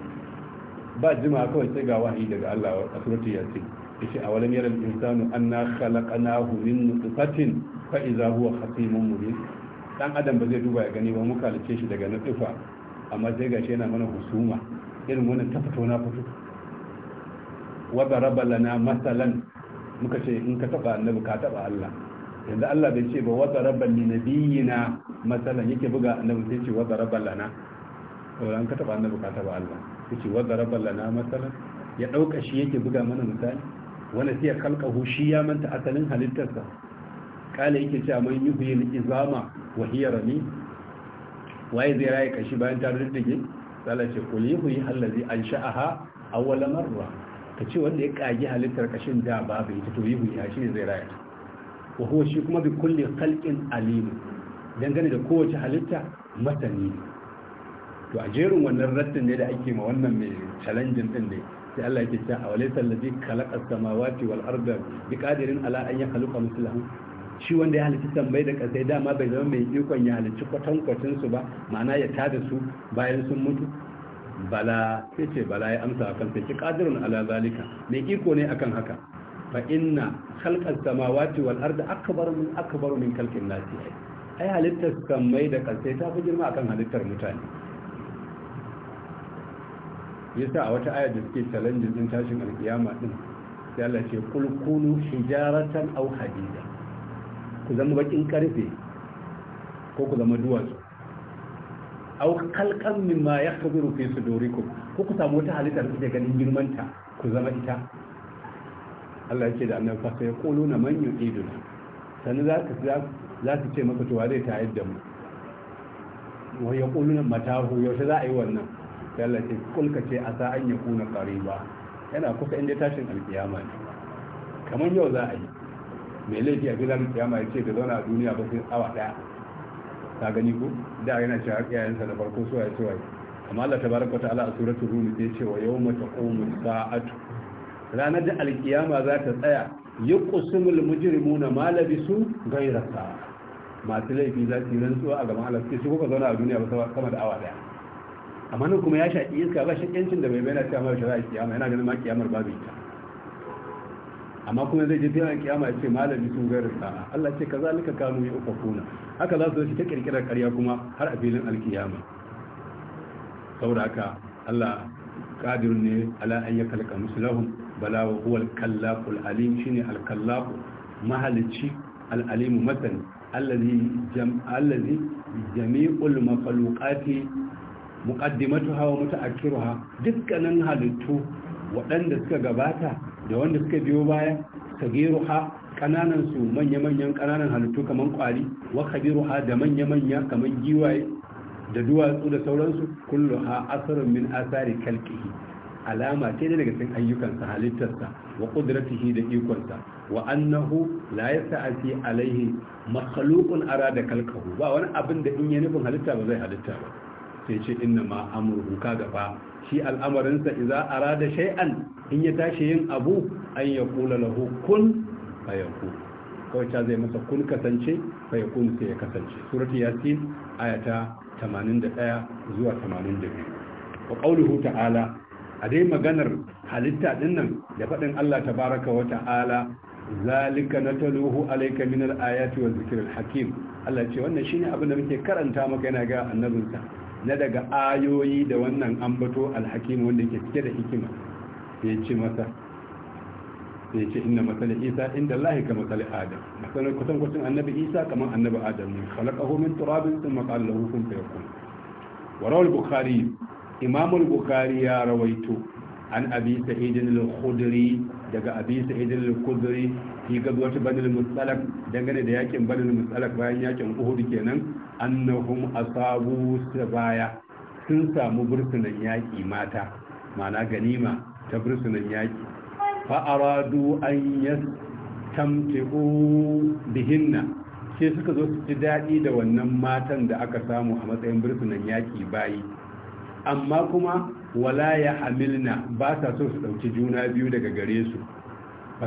ba jima kawai sai ga wahayi daga Allah a suratul yasin yace a walam yaral insanu anna khalaqnahu min nutfatin fa idza huwa khatimun mubin dan adam ba zai duba ya gani ba mu kalace shi daga nutfa amma sai gashi yana mana husuma irin wannan ta fito na fito wa daraba lana masalan muka ce in ka taba annabi ka taba Allah yanzu Allah bai ce ba wa daraba li nabiyina masalan yake buga annabi sai ce wa daraba lana to an ka taba annabi ka taba Allah ce wa daraba lana masalan ya dauka shi yake buga mana misali Wani siya kalkahu shi ya manta asalin halittarsa kala yake cewa yi yuhyin izama wa hiyar rami waye zai raye kashi bayan ta riddige Allah ce An sha'aha a ansha'aha awwal Ka kace wanda ya kage halittar kashin da babu ita to yuhyi ya shi zai raye wa huwa shi kuma bi kulli khalqin alim dangane da kowace halitta mata ne. to a jerin wannan rattin ne da ake ma wannan mai challenging din ne sai Allah yake cewa a walaysa allazi khalaqa samawati wal arda qadirin ala an yakhluqa mithlahum shi wanda ya halitta tambayi da kasai dama bai zama mai ikon ya halicci kwatan su ba ma'ana ya tada su bayan sun mutu bala sai ce bala ya amsa akan sai qadirun ala zalika mai iko ne akan haka fa inna khalqas samawati wal arda akbar min akbar min khalqin nasi ai halittar samai da kasai ta fi girma akan halittar mutane yasa a wata ayar da suke challenge din tashin alkiyama din sai Allah ce kul kunu hijaratan aw hadida ku zama bakin karfe ko ku zama duwatsu aw kalqan mimma yakhbiru fi sudurikum ko ku samu wata halitta da kuke ganin girmanta ku zama ita Allah yake da annabi fa sai quluna man yu'iduna sanin za ka za su ce maka to wa zai ta yadda mu wa yaquluna matahu yaushe za a yi wannan Allah ce kulka ce a sa ya kuna ƙariba yana kusa inda tashin alkiyama ne kamar yau za a yi mai laifi a gidan alkiyama ya ce da zauna a duniya ba sai awa ɗaya ta gani ko da yana cewa iyayensa da farko suwa ya suwa amma Allah ta Ala a suratul rum sai ce wa yawma taqumu sa'atu ranar da alkiyama za ta tsaya yuqsimul mujrimuna ma labisu ghayra sa'a masu laifi za su yi rantsuwa a gaban Allah sai su kuka zauna a duniya ba sama da awa ɗaya amma nan kuma ya shaƙi iska ba shi yancin da bai bayyana cewa mai shari'a kiyama yana ganin ma kiyamar babu ita amma kuma zai je fiye kiyama ya ce malami sun gairar sa'a Allah ce kaza lika kanu ya uka kuna haka za su shi ta ƙirƙirar karya kuma har a filin alkiyama saboda haka Allah qadir ne ala an yakalka muslahum bala wa huwa al-kallaqul alim shine al-kallaq mahalici al-alim matan allazi jam allazi jami'ul makhluqati muqaddimatu hawa muta'akkiruha dukkanin halittu waɗanda suka gabata da wanda suka biyo baya sagiruha kananan su manya-manyan kananan halittu kamar kwari wa kabiruha da manya-manya kamar giwaye da duwatsu da sauransu kulluha asrun min asari kalqihi alama ce daga cikin ayyukansa halittarsa wa qudratihi da ikonsa wa annahu la yasta'ti alaihi makhluqun arada kalqahu ba wani abin da in ya nufin halitta ba zai halitta ba sai ce inna ma gaba. kaga fa shi al'amarinsa idza arada shay'an in ya tashi yin abu an ya kula lahu kun fayakun kawai ta zai masa kun kasance fayakun sai ya kasance suratul yasin ayata 81 zuwa 82 wa qawluhu ta'ala a dai maganar halitta dinnan da faɗin Allah tabaraka wa ta'ala zalika nataluhu alayka min al-ayati wa dhikril hakim Allah ce wannan shine abin da muke karanta maka yana ga annabinsa na daga ayoyi da wannan ambato alhakim wanda ke cike da hikima ya ce masa ya ce inna matsala isa inda lahi ka matsala adam matsalar kusan kusan annabi isa kamar annabi adam ne khalaqahu min turabin sun qala lahu kun fayakun wa bukari imamul bukari ya rawaito an abi sa'idin al-khudri daga abi sa'idin al-khudri fi gazwati banil musalak dangane da yakin banil musalak bayan yakin uhud kenan annahum asabu sabaya sun samu bursunan yaki mata ma'ana ganima ta bursunan yaki fa aradu an yastamti'u bihinna sai suka zo su ci daɗi da wannan matan da aka samu a matsayin bursunan yaki bayi amma kuma wala ya hamilna ba ta so su ɗauki juna biyu daga gare su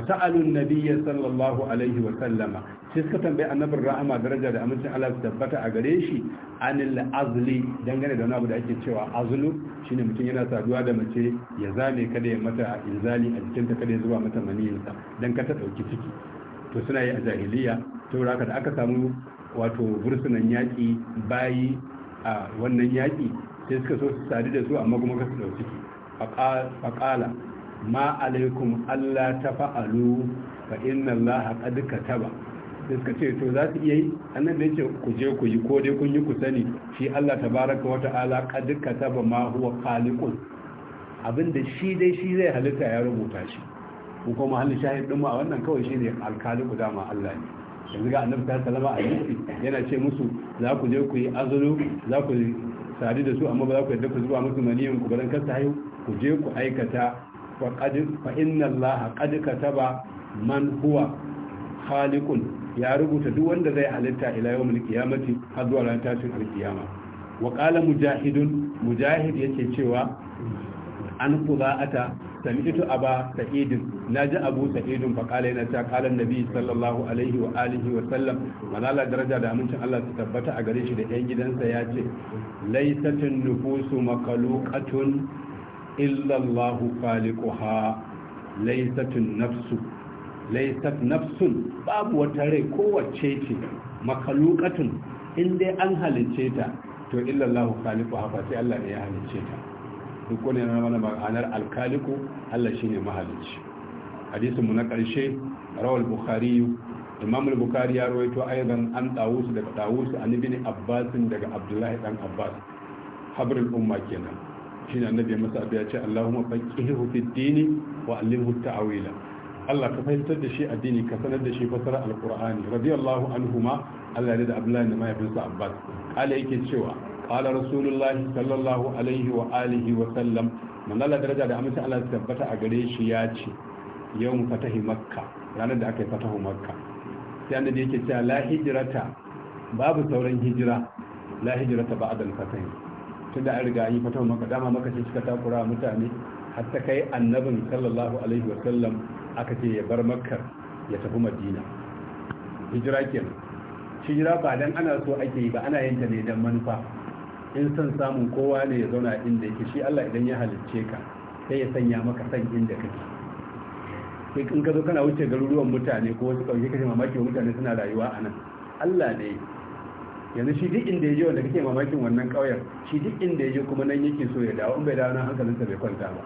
sa’alun nabiyya sallallahu alaihi wa sallama sai suka tambayi annabin rahama daraja da amincin Allah su tabbata a gare shi anil azli dangane da wani da ake cewa azlu shine mutum yana saduwa da mace ya zame kada ya mata inzali a jikinta kada ya zuba mata maniyinsa dan ka ta dauki ciki to suna yi a jahiliya saboda haka da aka samu wato bursunan yaƙi bayi a wannan yaƙi sai suka so su sadu da su amma kuma ka su ciki. faƙala ma alaikum allah ta fa'alu fa inna allah ta ba sai suka ce to za su iya yi annan da ce ku je ku yi ko dai kun yi ku sani shi allah ta tabaraka wa ta'ala ta ba ma huwa khaliqun abinda shi dai shi zai halitta ya rubuta shi ko kuma halin shahid din mu wannan kawai shine alkali dama allah ne yanzu ga annabi salama a yana ce musu za ku je ku yi azuru za ku sadu da su amma ba za ku yadda ku zuba musu maniyan ku bazan kasta haihu ku je ku aikata fa inna allaha qad kataba man huwa khaliqun ya rubuta duk wanda zai halitta ila yawmil qiyamati har zuwa ran tashin alkiyama wa qala mujahidun mujahid yake cewa an quda'ata sami'tu aba sa'idin naji abu sa'idin na qala yana ta qala annabi sallallahu alaihi wa alihi wa sallam malala daraja da amincin Allah su tabbata a gare shi da yan gidansa ya ce laysatun nufusu makhluqatun illa Allah khaliquha laysatun nafsu laysat nafsun babu wata rai kowace ce makhluqatun in dai an halice to illa Allah khaliquha fa sai Allah ya halice ta duk wani yana mana ma'anar alkaliku Allah shine mahalicci hadisin mu na karshe rawar bukhari imam al-bukhari ya rawaito aidan an ɗawusu daga ɗawusu a ibn abbas daga abdullahi ɗan abbas habrul umma kenan shine annabi masa ya ce Allahumma faqihu fid dini wa allimhu ta'awila. Allah ka fahimtar da shi addini ka sanar da shi fasara alqur'ani radiyallahu anhuma Allah ya da abdullahi da mahaifinsa abbas kala yake cewa qala rasulullahi sallallahu alaihi wa alihi wa sallam man Allah daraja da amince Allah ya tabbata a gare shi ya ce yawm fatahi makka ranar da aka yi fatahu makka sai annabi yake cewa la hijrata babu sauran hijira la hijrata ba'da al-fatahi tunda an riga an yi fatahu makka dama maka ce suka takura mutane har ta kai annabin sallallahu alaihi wa sallam aka ce ya bar makkar ya tafi hijira kenan hijira ba dan ana so ake yi ba ana yin ne dan manufa in son samun kowa ne ya zauna inda yake shi Allah idan ya halicce ka sai ya sanya maka san inda kake sai in ka zo kana wuce garuruwan mutane ko wasu kauye kake mamaki wa mutane suna rayuwa a nan Allah ne yanzu shi duk inda ya je wanda kake mamakin wannan ƙauyen shi duk inda ya je kuma nan yake so ya dawo in bai dawo nan hankalinsa bai kwanta ba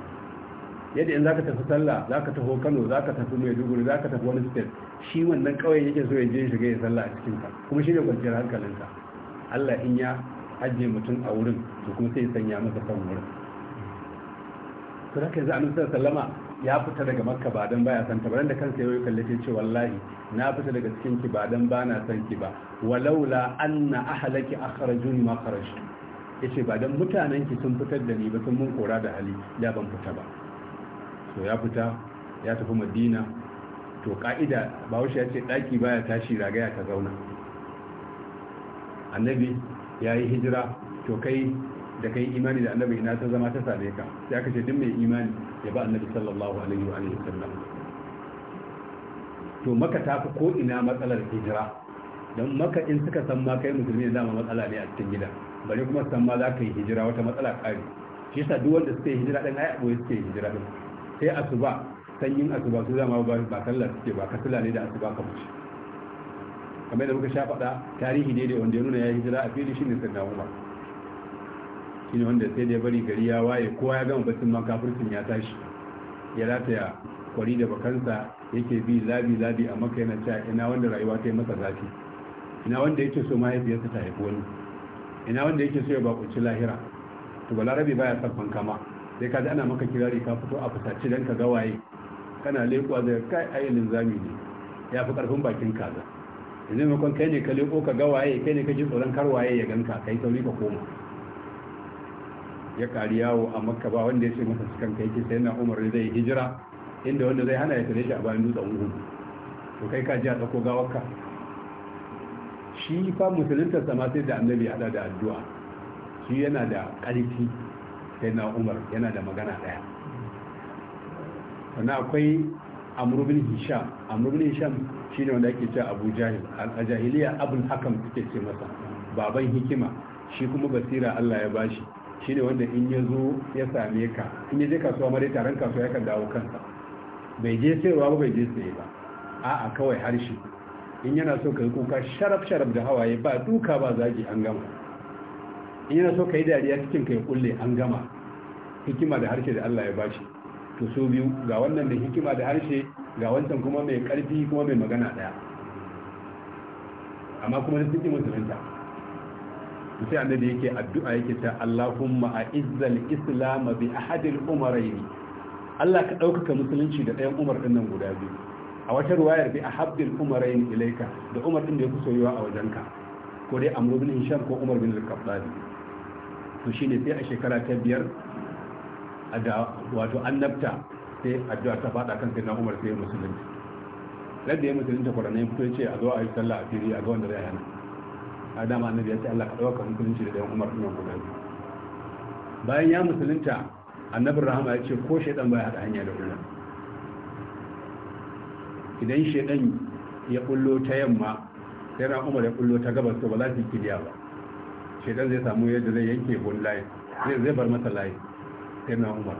yadda in zaka tafi sallah zaka taho Kano zaka tafi Maiduguri zaka tafi wani state shi wannan ƙauyen yake so ya je shiga ya sallah a cikin ka kuma shi ne kwanciyar hankalinka Allah in ya ajiye mutum a wurin to kuma sai sanya masa kan wurin to haka yanzu annabi sallama ya fita daga makka ba dan baya san ta ba da kansa yayi kallace ce wallahi na fita daga cikin ki ba dan ba na san ki ba walaula anna ahlaki akhrajuni ma kharajtu yace ba dan mutanen ki sun fitar da ni ba sun mun kora da hali da ban fita ba to ya fita ya tafi madina to ka'ida bahaushe ya ce daki baya tashi ragaya ta zauna annabi ya yi hijira to kai da kai imani da annabi ina ta zama ta same ka sai aka ce duk mai imani ya ba annabi sallallahu alaihi wa alihi sallam to maka ta fi ko ina matsalar hijira don maka in suka san ma kai musulmi ne dama matsala ne a cikin gida bare kuma san ma za ka yi hijira wata matsala kare shi yasa duk wanda suke hijira din ai aboye suke hijira din sai asuba sanyin asuba su zama ba sallar suke ba kasula ne da asuba ka mutu kamar da muka sha faɗa tarihi ne da wanda ya nuna ya hijira a fili ne sayyidina umar ne wanda sai da ya bari gari ya waye kowa ya gama batun ma ya tashi ya rataya kwari da bakansa yake bi labi labi a maka yana cewa ina wanda rayuwa ta yi masa zafi ina wanda yake so mahaifiyarsa ta haifi wani ina wanda yake so ya bakunci lahira to balarabe baya sarfan kama sai ka ji ana maka kirari ka fito a fusace don ka gawaye kana lekuwa zai kai ayyalin zami ne ya fi karfin bakin kaza yanzu maimakon kai ne ka leko ka ga waye kai ne ka ji tsoron kar waye ya ganka kai sauri ka koma ya kari yawo a makka ba wanda ya ce masa cikin kai ki sai na umar ne zai hijira inda wanda zai hana ya tare shi a bayan dutsen uhud to kai ka ji a tsako gawarka shi fa musulunta sama sai da annabi hada da addu'a shi yana da ƙarfi sai na umar yana da magana ɗaya sannan akwai amru bin hisham amru bin hisham shine wanda ake cewa abu jahil a jahiliya abul hakam suke ce masa baban hikima shi kuma basira Allah ya bashi shine wanda in ya zo ya same ka in ya je kasuwa mare taron kasuwa ya kan dawo kansa bai je sayarwa ba bai je saye ba a'a kawai harshe in yana so ka yi kuka sharaf sharaf da hawaye ba duka ba zagi an gama in yana so ka yi dariya cikin ka ya kulle an gama hikima da harshe da Allah ya bashi to so biyu ga wannan da hikima da harshe ga wancan kuma mai karfi kuma mai magana daya amma kuma da suke musulunta to sai annabi yake addu'a yake ta Allahumma a'izzal islam bi al umrayn Allah ka ɗaukaka musulunci da ɗayan umar ɗin nan guda biyu a wata ruwayar bi al umrayn ilaika da umar ɗin da ya fi soyuwa a wajenka ko dai amru bin hisham ko umar bin al-khattab to shine sai a shekara ta biyar da wato annabta sai addu'a ta fada kan sayyidina Umar sai musulunci ladda ya musulunta kwarana ya fito ce a zo a yi sallah a fili a ga wanda zai hana a dama annabi ya ce Allah ka dauka musulunci da ɗayan Umar ɗin guda bayan ya musulunta annabin rahama ya ce ko shaidan baya haɗa hanya da Umar idan shaidan ya kullo ta yamma sai na Umar ya kullo ta gabas to ba za su yi kiliya ba shaidan zai samu yadda zai yanke gun layi zai bar masa layi sai na umar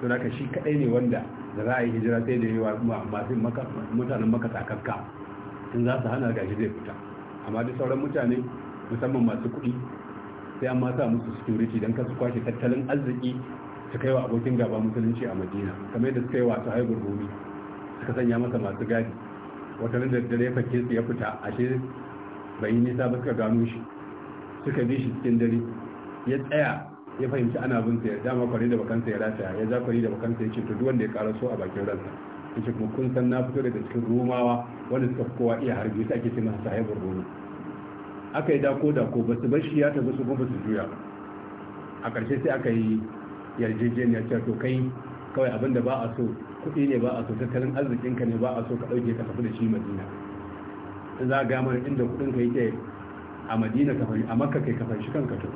to da shi kadai ne wanda da za a yi hijira sai da yawa masu mutanen maka takakka tun za su hana gashi zai fita amma duk sauran mutane musamman masu kuɗi sai an masa musu security don kasu kwashe tattalin arziki su kai wa abokin gaba musulunci a madina kamar yadda suka yi wasu haibar rumi suka sanya masa masu gadi wata da dare fakke su ya fita ashe bai yi nisa ba suka gano shi suka bi shi cikin dare ya tsaya ya fahimci ana bin sa ya dama kwari da bakansa ya rataya ya ja kwari da bakansa ya ce to duk wanda ya karaso a bakin ransa ce kuma kun san na fito daga cikin romawa wanda suka kowa iya harbi sai ake cewa sahibin sahibul roma aka yi dako dako ba su bar shi ya tafi su kuma su juya a ƙarshe sai aka yi yarjejeniyar cewa to kai kawai abin da ba a so kuɗi ne ba a so tattalin ka ne ba a so ka dauke ka tafi da shi madina za a gamar inda kuɗinka yake a madina a makka kai ka shi kanka to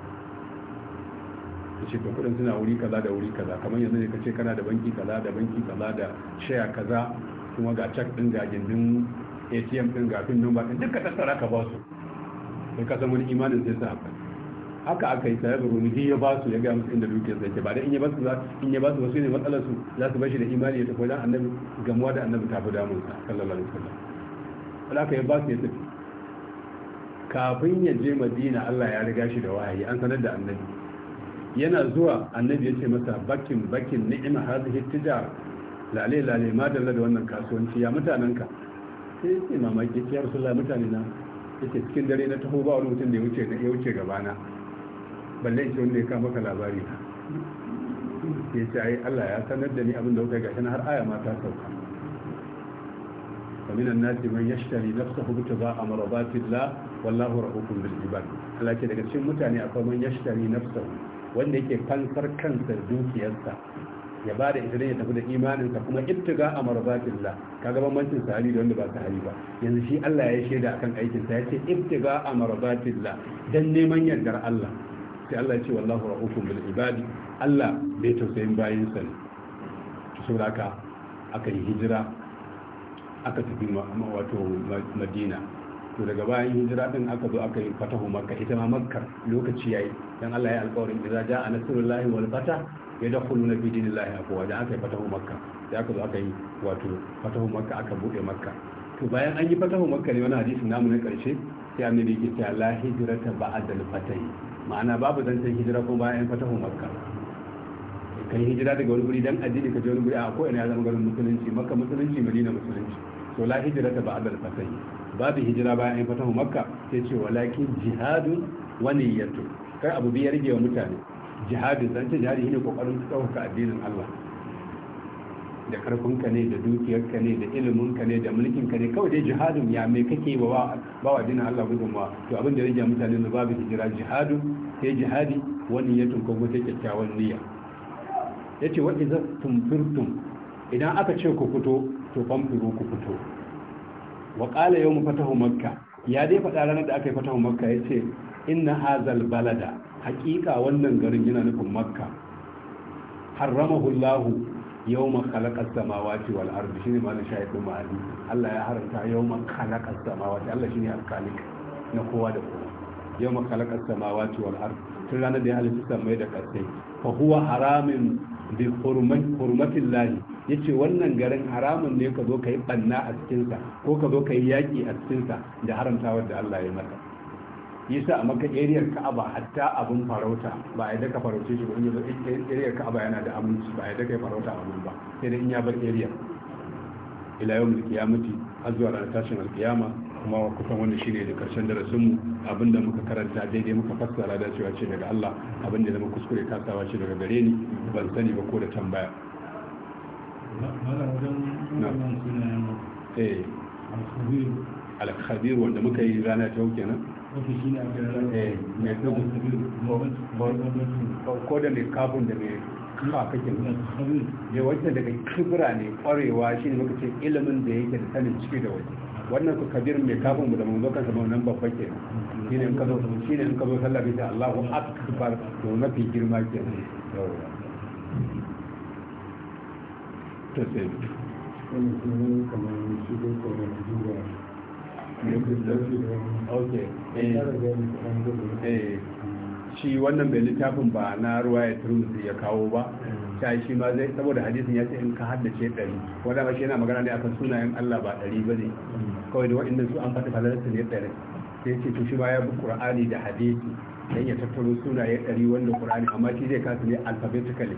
ce to kudin suna wuri kaza da wuri kaza kamar yanzu ne ka ce kana da banki kaza da banki kaza da shaya kaza kuma ga cak din ga gindin atm din ga pin number din duka tattara ka ba su sai ka san wani imanin sai sa haka aka yi tare da rumudi ya ba su ya ga musu inda dukiyar sai ke ba da in ya ba su in ya ba su wasu ne matsalar su za su bashi da imani ya tafi wajen annabi gamuwa da annabi tafi fi damun sa sallallahu alaihi wasallam alaka ya ba su ya tafi kafin ya je madina Allah ya riga shi da wahayi an sanar da annabi yana zuwa annabi ya ce masa bakin bakin ni'ima hazihi tijar lale lale ma dalla da wannan kasuwanci ya ka. sai ya ce mamaki ya rasulullahi mutane na yace cikin dare na taho ba wani mutum da ya wuce ya wuce na balle ce wanda ya kama maka labari na ya ce ai Allah ya sanar da ni abin da kuka gashi na har aya ma ta sauka wa minan nasi man yashtari nafsahu bi tiba'a maradatillah wallahu rahukun bil ibad Allah ke daga cikin mutane akwai man yashtari nafsahu wanda yake fansar kansa dukiyarsa ya ba da ita ya tafi da imaninsa kuma ittiga a Ka kaga bambancin sahali da wanda ba sahali ba yanzu shi Allah ya shaida akan aikin sa yace ittiga a marzatillah dan neman yardar Allah sai Allah ya ce wallahu ra'ufun bil ibadi Allah bai tausayin bayin sa ne saboda haka aka yi hijira aka tafi wato Madina to daga bayan hijira din aka zo aka yi fatahu makka ita ma makka lokaci yayi dan Allah ya alƙawarin idza jaa nasrullahi wal fata yadkhuluna fi dinillahi da aka yi fatahu makka sai aka zo aka yi wato fatahu makka aka bude makka to bayan an yi fatahu makka ne wani hadisi namu na karshe sai an yake cewa la hijrata al fatahi ma'ana babu zancen hijira ko bayan fatahu makka kai hijira daga wani guri dan addini ka je wani guri a ko ina ya zama garin musulunci makka musulunci madina musulunci to la hijrata al fatahi babu hijira bayan an fatahu makka sai ce walakin jihadun wa niyyatu kai abu biyar rage wa mutane jihadun zance jihadi shine kokarin tsawaka addinin Allah da ka ne da dukiyarka ne da ilimin ka ne da mulkin ka ne kawai dai jihadun ya mai kake ba ba wa dinin Allah gudunmawa to abin da wa mutane ne babu hijira jihadun sai jihadi wa niyyatun ko sai kyakkyawan niyya yace wa idza tumfirtum idan aka ce ku fito to famfiru ku fito wa yau mu fatahu makka ya dai faɗa ranar da aka yi fatahu makka ce inna hazal balada haƙiƙa wannan garin yana nufin makka harramahu Allah yawma khalaqa samawati wal ardi shine malam shaykhul ma'ani Allah ya haranta ma khalaqa samawati Allah shine al-khaliq na kowa da kowa yau ma khalaqa samawati wal ardi tun ranar da ya halitta samai da kasai fa huwa haramin bi hurmatin lahi ya ce wannan garin haramun ne ka zo ka yi ɓanna a cikinsa ko ka zo ka yi yaƙi a cikinsa da haramtawar da Allah ya maka yasa a maka eriyar ka'aba hatta abin farauta ba a yadda ka farauce shi ba in yazo eriyar ka'aba yana da aminci ba a yadda ka farauta abin ba sai dai in ya bar eriyar ila yau mulki ya mutu har zuwa ranar tashin alkiyama kuma kusan wanda shi ne da karshen mu abinda muka karanta daidai muka fassara cewa ce daga Allah abinda zama kuskure kasawa ce daga gare ni ban sani ba ko da tambaya eh. Khabir wanda muka yi rana ta hauke nan eh, ko da mai kafin da mai kuma kake ne eh, wancan daga kibra ne kwarewa shi ne muka ce ilimin da yake da sanin ciki da waje wannan su kabir mai kafin mu da mun zokan sa wannan babba ke shine in ka shine in ka zo sallah bi ta Allahu akbar to mafi girma ke to sai shi eh. eh. shi wannan bai littafin ba na ruwa ya turmusi ya kawo ba ta yi shi ma zai saboda hadisin ya ce in ka haddace ɗari wadda ba shi yana magana ne akan sunayen Allah ba ɗari ba ne kawai da waɗanda su an faɗi su ne ɗari sai ce to shi ma ya bi ƙura'ani da hadisi don ya tattaro sunaye ɗari wanda ƙura'ani amma shi zai kasu ne alphabetically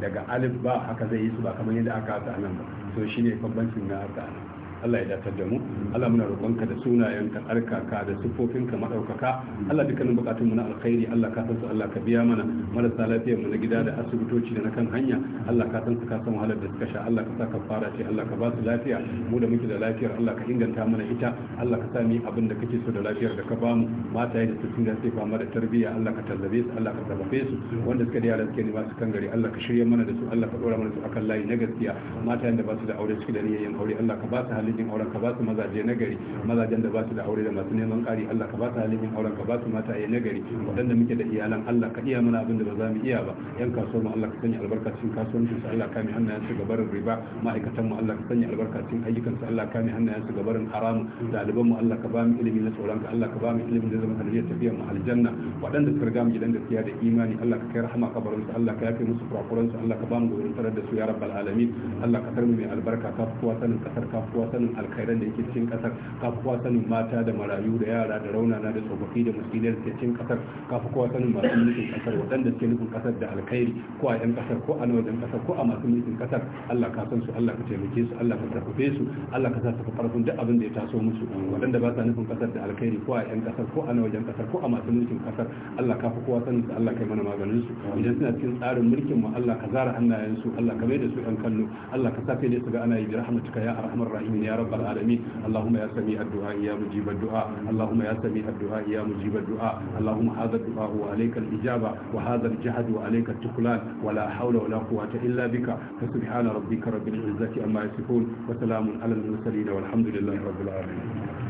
daga alif ba haka zai yi su ba kamar yadda aka kasu a nan ba to shi ne bambancin na haka Allah ya dace da mu Allah muna roƙonka da sunayenka tsarkaka da sifofinka maɗaukaka. Allah dukkanin bukatun mu na alkhairi Allah ka san su Allah ka biya mana marasa lafiyar mu na gida da asibitoci da na kan hanya Allah ka san su ka san wahalar da suka sha Allah ka sa ka fara ce Allah ka ba su lafiya mu da muke da lafiyar Allah ka inganta mana ita Allah ka sa mu abin da kake so da lafiyar da ka ba mu mata da su da sai fama da tarbiyya Allah ka tallabe su Allah ka tallafe su wanda suka da yara suke ne ba su kan gari Allah ka shirya mana da su Allah ka dora mana su akan layi na gaskiya mata da ba su da aure suke da niyyar aure Allah ka ba su halin yin auren ka ba su mazaje na gari mazajen da ba su da aure da masu neman ƙari Allah ka ba su halin yin auren ka ba su mata ya na gari waɗanda muke da iyalan Allah ka iya mana abin da ba za mu iya ba yan kasuwar mu Allah ka sanya albarka cikin kasuwancin su Allah ka mai hannayen su gabarin riba ma'aikatan mu Allah ka sanya albarka cikin ayyukan su Allah ka mai hannayen su gabarin haramu ɗaliban mu Allah ka ba mu ilimi na tsoron ka Allah ka ba mu ilimin da zama sanadiyar tafiyar mu aljanna waɗanda ka riga mu gidan gaskiya da imani Allah ka kai rahama kabarin su Allah ka yafe musu kurakuran su Allah ka ba mu gurin tarar da su ya rabbal alamin Allah ka tarmi mai albarka ka fuwa sanin kasar ka fuwa sanin alkhairan da yake cikin kasar ka fi kowa sanin mata da marayu da yara da raunana da tsofaffi da miskinai da cikin kasar ka fi kowa sanin masu mulkin kasar waɗanda suke nufin kasar da alkhairi ko a yan kasar ko a na wajen kasar ko a masu mulkin kasar Allah ka san su Allah ka taimake su Allah ka karfafe su Allah ka sa su farkon duk abin da ya taso musu waɗanda ba sa nufin kasar da alkhairi ko a yan kasar ko a na wajen kasar ko a masu mulkin kasar Allah ka fi kowa sanin su Allah kai mana maganin su idan suna cikin tsarin mulkin mu Allah ka zara hannayen su Allah ka mai da su ɗan kallo Allah ka sa da su ga ana yi rahmatuka ya arhamar rahimin ya rabbal alamin allahumma addu'a ya mujiba du'a allahumma addu'a ya mujiba du'a allahumma hadha du'a wa alayka al-ijaba wa hadha al-jahd wa alayka al-tuklan wa la hawla wa la quwwata illa bika fa subhana rabbika rabbil izzati amma yasifun wa salamun ala al-mursalin wa alhamdulillahi rabbil